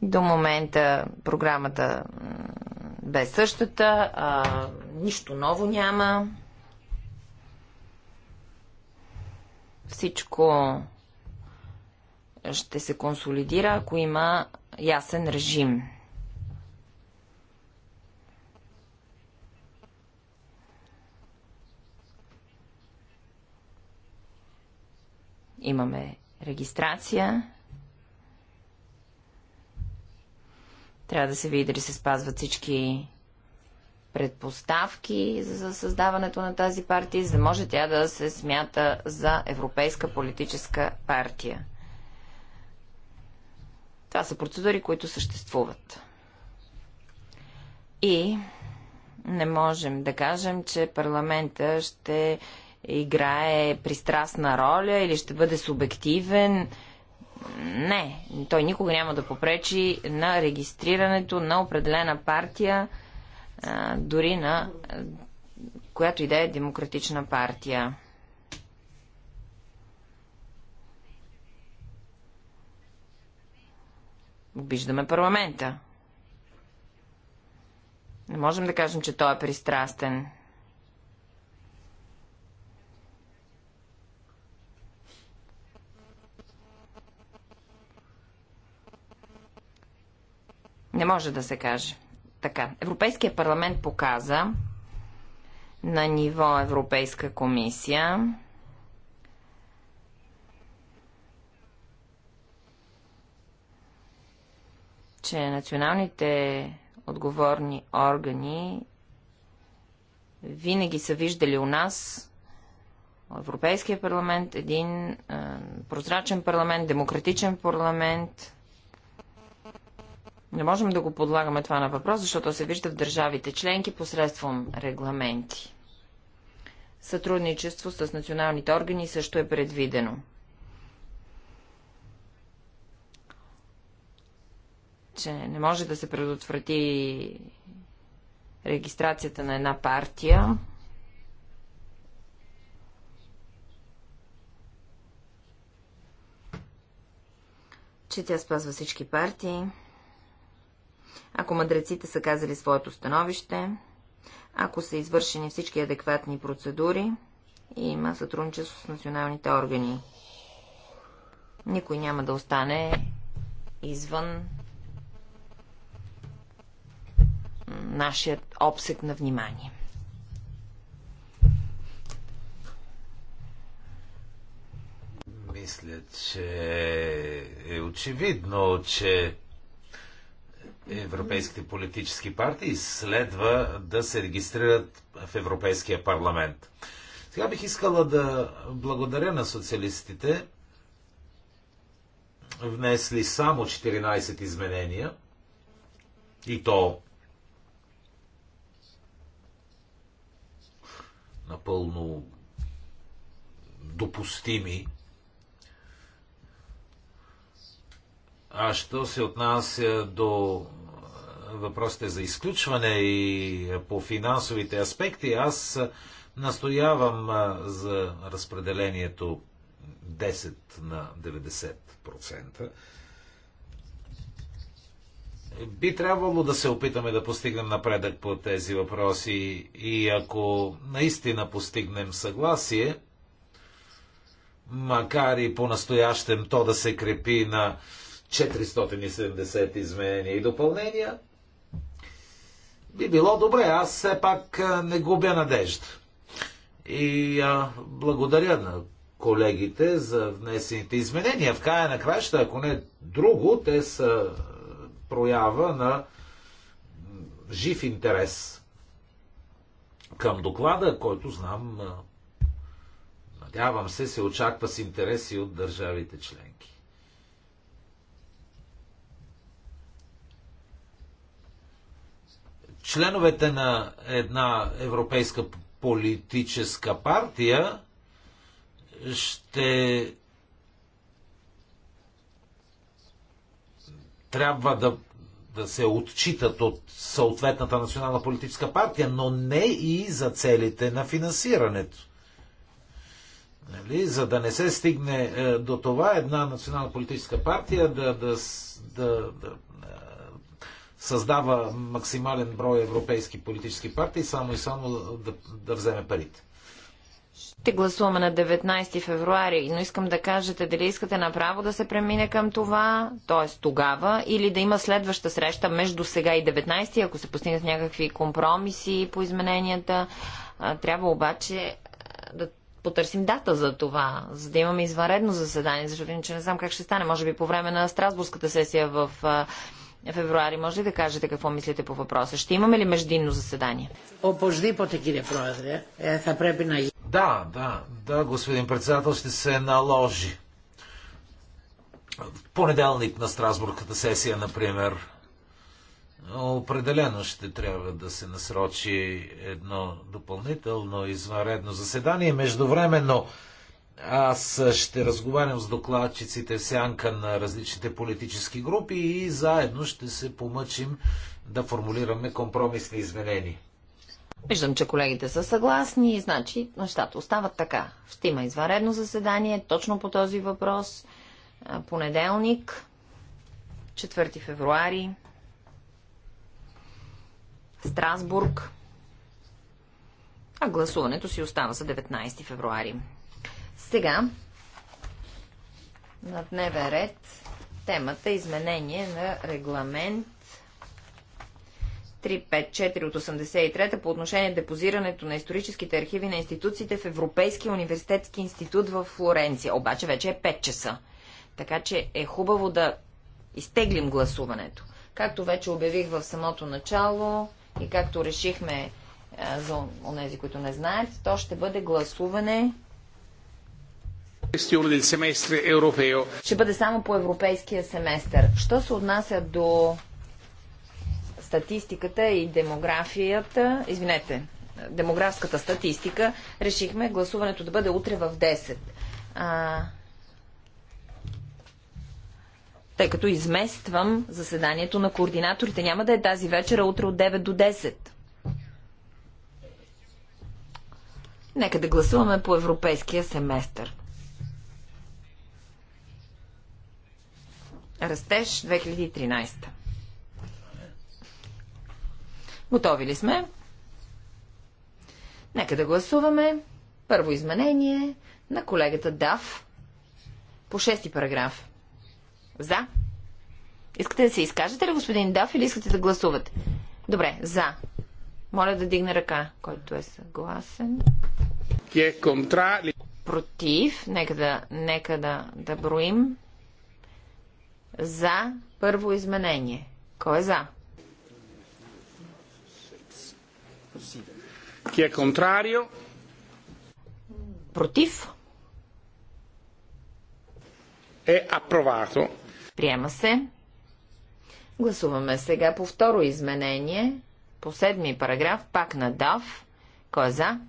До момента програмата бе същата, а, нищо ново няма. Всичко ще се консолидира, ако има ясен режим. Имаме регистрация Трябва да се види дали се спазват всички предпоставки за създаването на тази партия, за да може тя да се смята за европейска политическа партия. Това са процедури, които съществуват. И не можем да кажем, че парламента ще играе пристрастна роля или ще бъде субективен не, той никога няма да попречи на регистрирането на определена партия, дори на която и да е демократична партия. Обиждаме парламента. Не можем да кажем, че той е пристрастен. Не може да се каже. Така. Европейския парламент показа на ниво Европейска комисия че националните отговорни органи винаги са виждали у нас Европейския парламент, един прозрачен парламент, демократичен парламент, не можем да го подлагаме това на въпрос, защото се вижда в държавите членки посредством регламенти. Сътрудничество с националните органи също е предвидено. че не може да се предотврати регистрацията на една партия. Че тя спазва всички партии. Ако мъдреците са казали своето становище, ако са извършени всички адекватни процедури и има сътрудничество с националните органи. Никой няма да остане извън нашият обсек на внимание. Мисля, че е очевидно, че европейските политически партии следва да се регистрират в Европейския парламент. Сега бих искала да благодаря на социалистите, внесли само 14 изменения и то напълно допустими А що се отнася до е, въпросите за изключване и е, по финансовите аспекти, аз е, настоявам за разпределението 10 на 90%. Би трябвало да се опитаме да постигнем напредък по тези въпроси и ако наистина постигнем съгласие, макар и по-настоящем то да се крепи на 470 изменения и допълнения, би било добре. Аз все пак не губя надежда. И а, благодаря на колегите за внесените изменения. В края на краща, ако не друго, те са проява на жив интерес към доклада, който знам, надявам се, се очаква с интереси от държавите членки. членовете на една европейска политическа партия ще трябва да, да се отчитат от съответната национална политическа партия, но не и за целите на финансирането. Нали? За да не се стигне е, до това една национална политическа партия да, да, да, да създава максимален брой европейски политически партии, само и само да, да вземе парите. Ще гласуваме на 19 февруари, но искам да кажете дали искате направо да се премине към това, т.е. тогава, или да има следваща среща между сега и 19, ако се постигнат някакви компромиси по измененията. Трябва обаче да потърсим дата за това, за да имаме извънредно заседание, защото иначе не знам как ще стане. Може би по време на Страсбургската сесия в февруари. Може ли да кажете какво мислите по въпроса? Ще имаме ли междинно заседание? Опождипоте, кире проедре, θα πρέπει на... Да, да, да, господин председател, ще се наложи. В понеделник на Страсбургската сесия, например, Определено ще трябва да се насрочи едно допълнително извънредно заседание. Междувременно аз ще разговарям с докладчиците в сянка на различните политически групи и заедно ще се помъчим да формулираме компромисни изменения. Виждам, че колегите са съгласни, значи нещата остават така. Ще има извънредно заседание точно по този въпрос. Понеделник, 4 февруари, Страсбург, а гласуването си остава за 19 февруари. Сега на дневен ред темата е изменение на регламент 354 от 83 по отношение депозирането на историческите архиви на институциите в Европейския университетски институт в Флоренция. Обаче вече е 5 часа. Така че е хубаво да изтеглим гласуването. Както вече обявих в самото начало и както решихме за онези, които не знаят, то ще бъде гласуване ще бъде само по европейския семестър. Що се отнася до статистиката и демографията, извинете, демографската статистика, решихме гласуването да бъде утре в 10. А, тъй като измествам заседанието на координаторите. Няма да е тази вечер, а утре от 9 до 10. Нека да гласуваме по европейския семестър. Растеж 2013. Готови ли сме? Нека да гласуваме. Първо изменение на колегата Дав по шести параграф. За. Искате да се изкажете ли, господин Дав, или искате да гласувате? Добре, за. Моля да дигне ръка, който е съгласен. Е Против. Нека да, нека да, да броим. За първо изменение. Кой е за? Ки е контрарио? Против? Е апровато. Приема се. Гласуваме сега по второ изменение, по седми параграф, пак на ДАВ. Кой е за?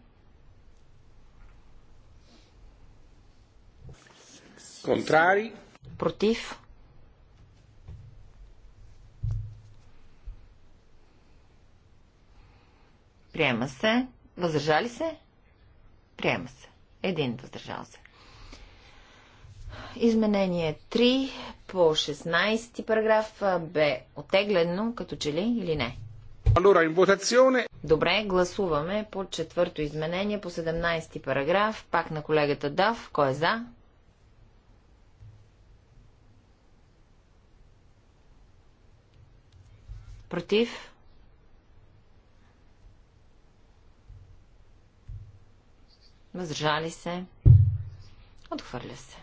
Контрари. Против. Приема се. Въздържали се? Приема се. Един въздържал се. Изменение 3 по 16 параграф бе отеглено, като че ли или не? Allora, in votazione... Добре, гласуваме по четвърто изменение по 17 параграф, пак на колегата Дав. Кой е за? Против? Въздържали се. Отхвърля се.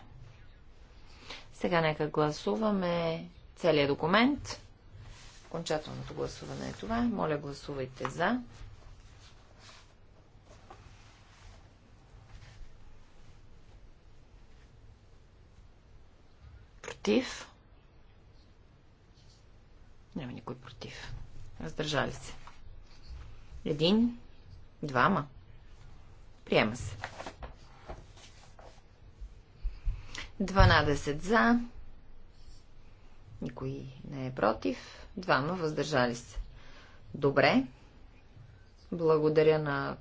Сега нека гласуваме целият документ. Окончателното гласуване е това. Моля, гласувайте за. Против. Няма никой против. Раздържали се. Един, двама. Приема се. 12 за. Никой не е против. Двама въздържали се. Добре. Благодаря на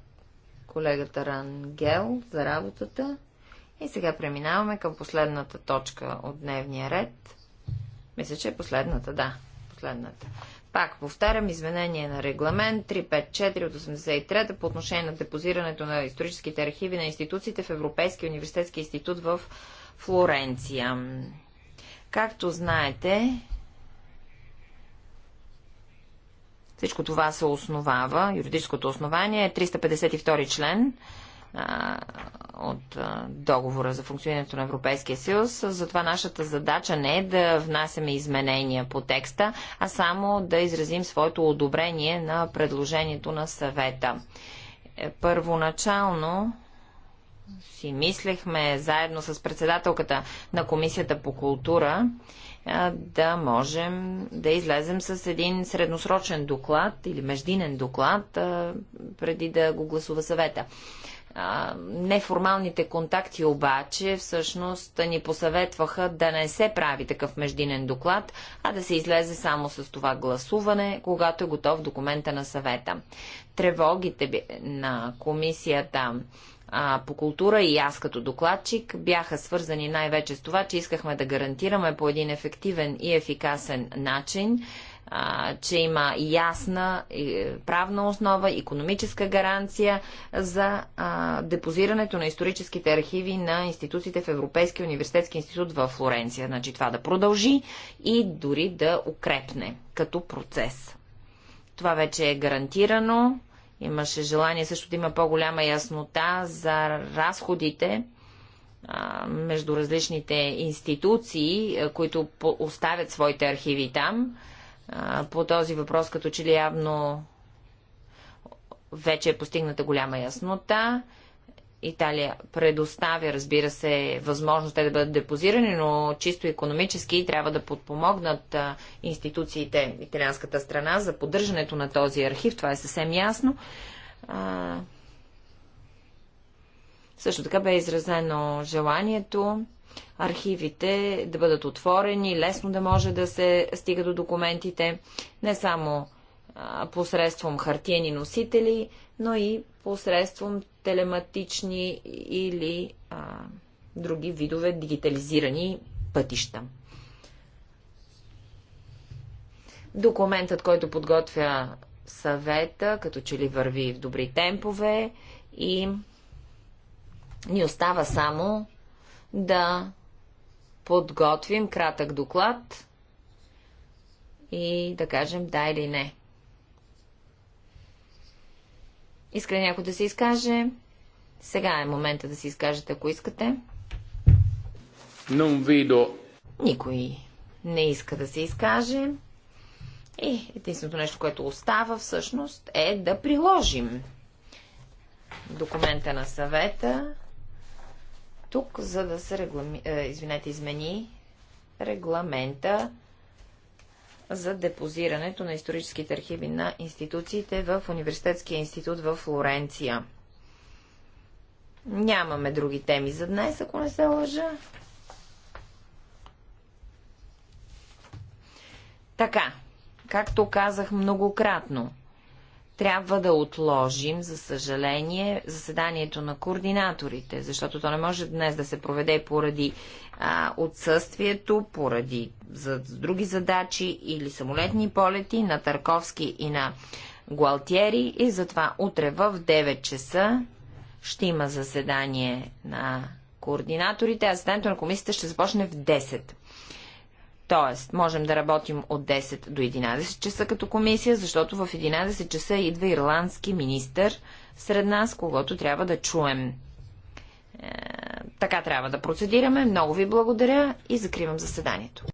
колегата Рангел за работата. И сега преминаваме към последната точка от дневния ред. Мисля, че е последната, да. Последната. Пак повтарям, изменение на регламент 354 от 83 по отношение на депозирането на историческите архиви на институциите в Европейския университетски институт в Флоренция. Както знаете, всичко това се основава, юридическото основание е 352 член от договора за функционирането на Европейския съюз. Затова нашата задача не е да внасяме изменения по текста, а само да изразим своето одобрение на предложението на съвета. Е, първоначално си мислехме заедно с председателката на Комисията по култура, да можем да излезем с един средносрочен доклад или междинен доклад преди да го гласува съвета неформалните контакти обаче всъщност ни посъветваха да не се прави такъв междинен доклад, а да се излезе само с това гласуване, когато е готов документа на съвета. Тревогите на комисията по култура и аз като докладчик бяха свързани най-вече с това, че искахме да гарантираме по един ефективен и ефикасен начин а, че има ясна е, правна основа, економическа гаранция за а, депозирането на историческите архиви на институциите в Европейския университетски институт в Флоренция. Значи това да продължи и дори да укрепне като процес. Това вече е гарантирано. Имаше желание също да има по-голяма яснота за разходите между различните институции, които оставят своите архиви там по този въпрос, като че ли явно вече е постигната голяма яснота. Италия предоставя, разбира се, възможност те да бъдат депозирани, но чисто економически трябва да подпомогнат институциите, италианската страна, за поддържането на този архив. Това е съвсем ясно. А... Също така бе изразено желанието архивите да бъдат отворени, лесно да може да се стига до документите, не само а, посредством хартиени носители, но и посредством телематични или а, други видове дигитализирани пътища. Документът, който подготвя съвета, като че ли върви в добри темпове и ни остава само да подготвим кратък доклад и да кажем да или не. Иска някой да се изкаже? Сега е момента да се изкажете, ако искате. Non vedo. Никой не иска да се изкаже. И единственото нещо, което остава всъщност е да приложим документа на съвета тук, за да се реглами... Е, извинете, измени регламента за депозирането на историческите архиви на институциите в Университетския институт в Флоренция. Нямаме други теми за днес, ако не се лъжа. Така, както казах многократно, трябва да отложим, за съжаление, заседанието на координаторите, защото то не може днес да се проведе поради а, отсъствието, поради за, за други задачи или самолетни полети на Тарковски и на Гуалтиери и затова утре в 9 часа ще има заседание на координаторите, а заседанието на комисията ще започне в 10. Тоест, можем да работим от 10 до 11 часа като комисия, защото в 11 часа идва ирландски министър сред нас, когато трябва да чуем. Е, така трябва да процедираме. Много ви благодаря и закривам заседанието.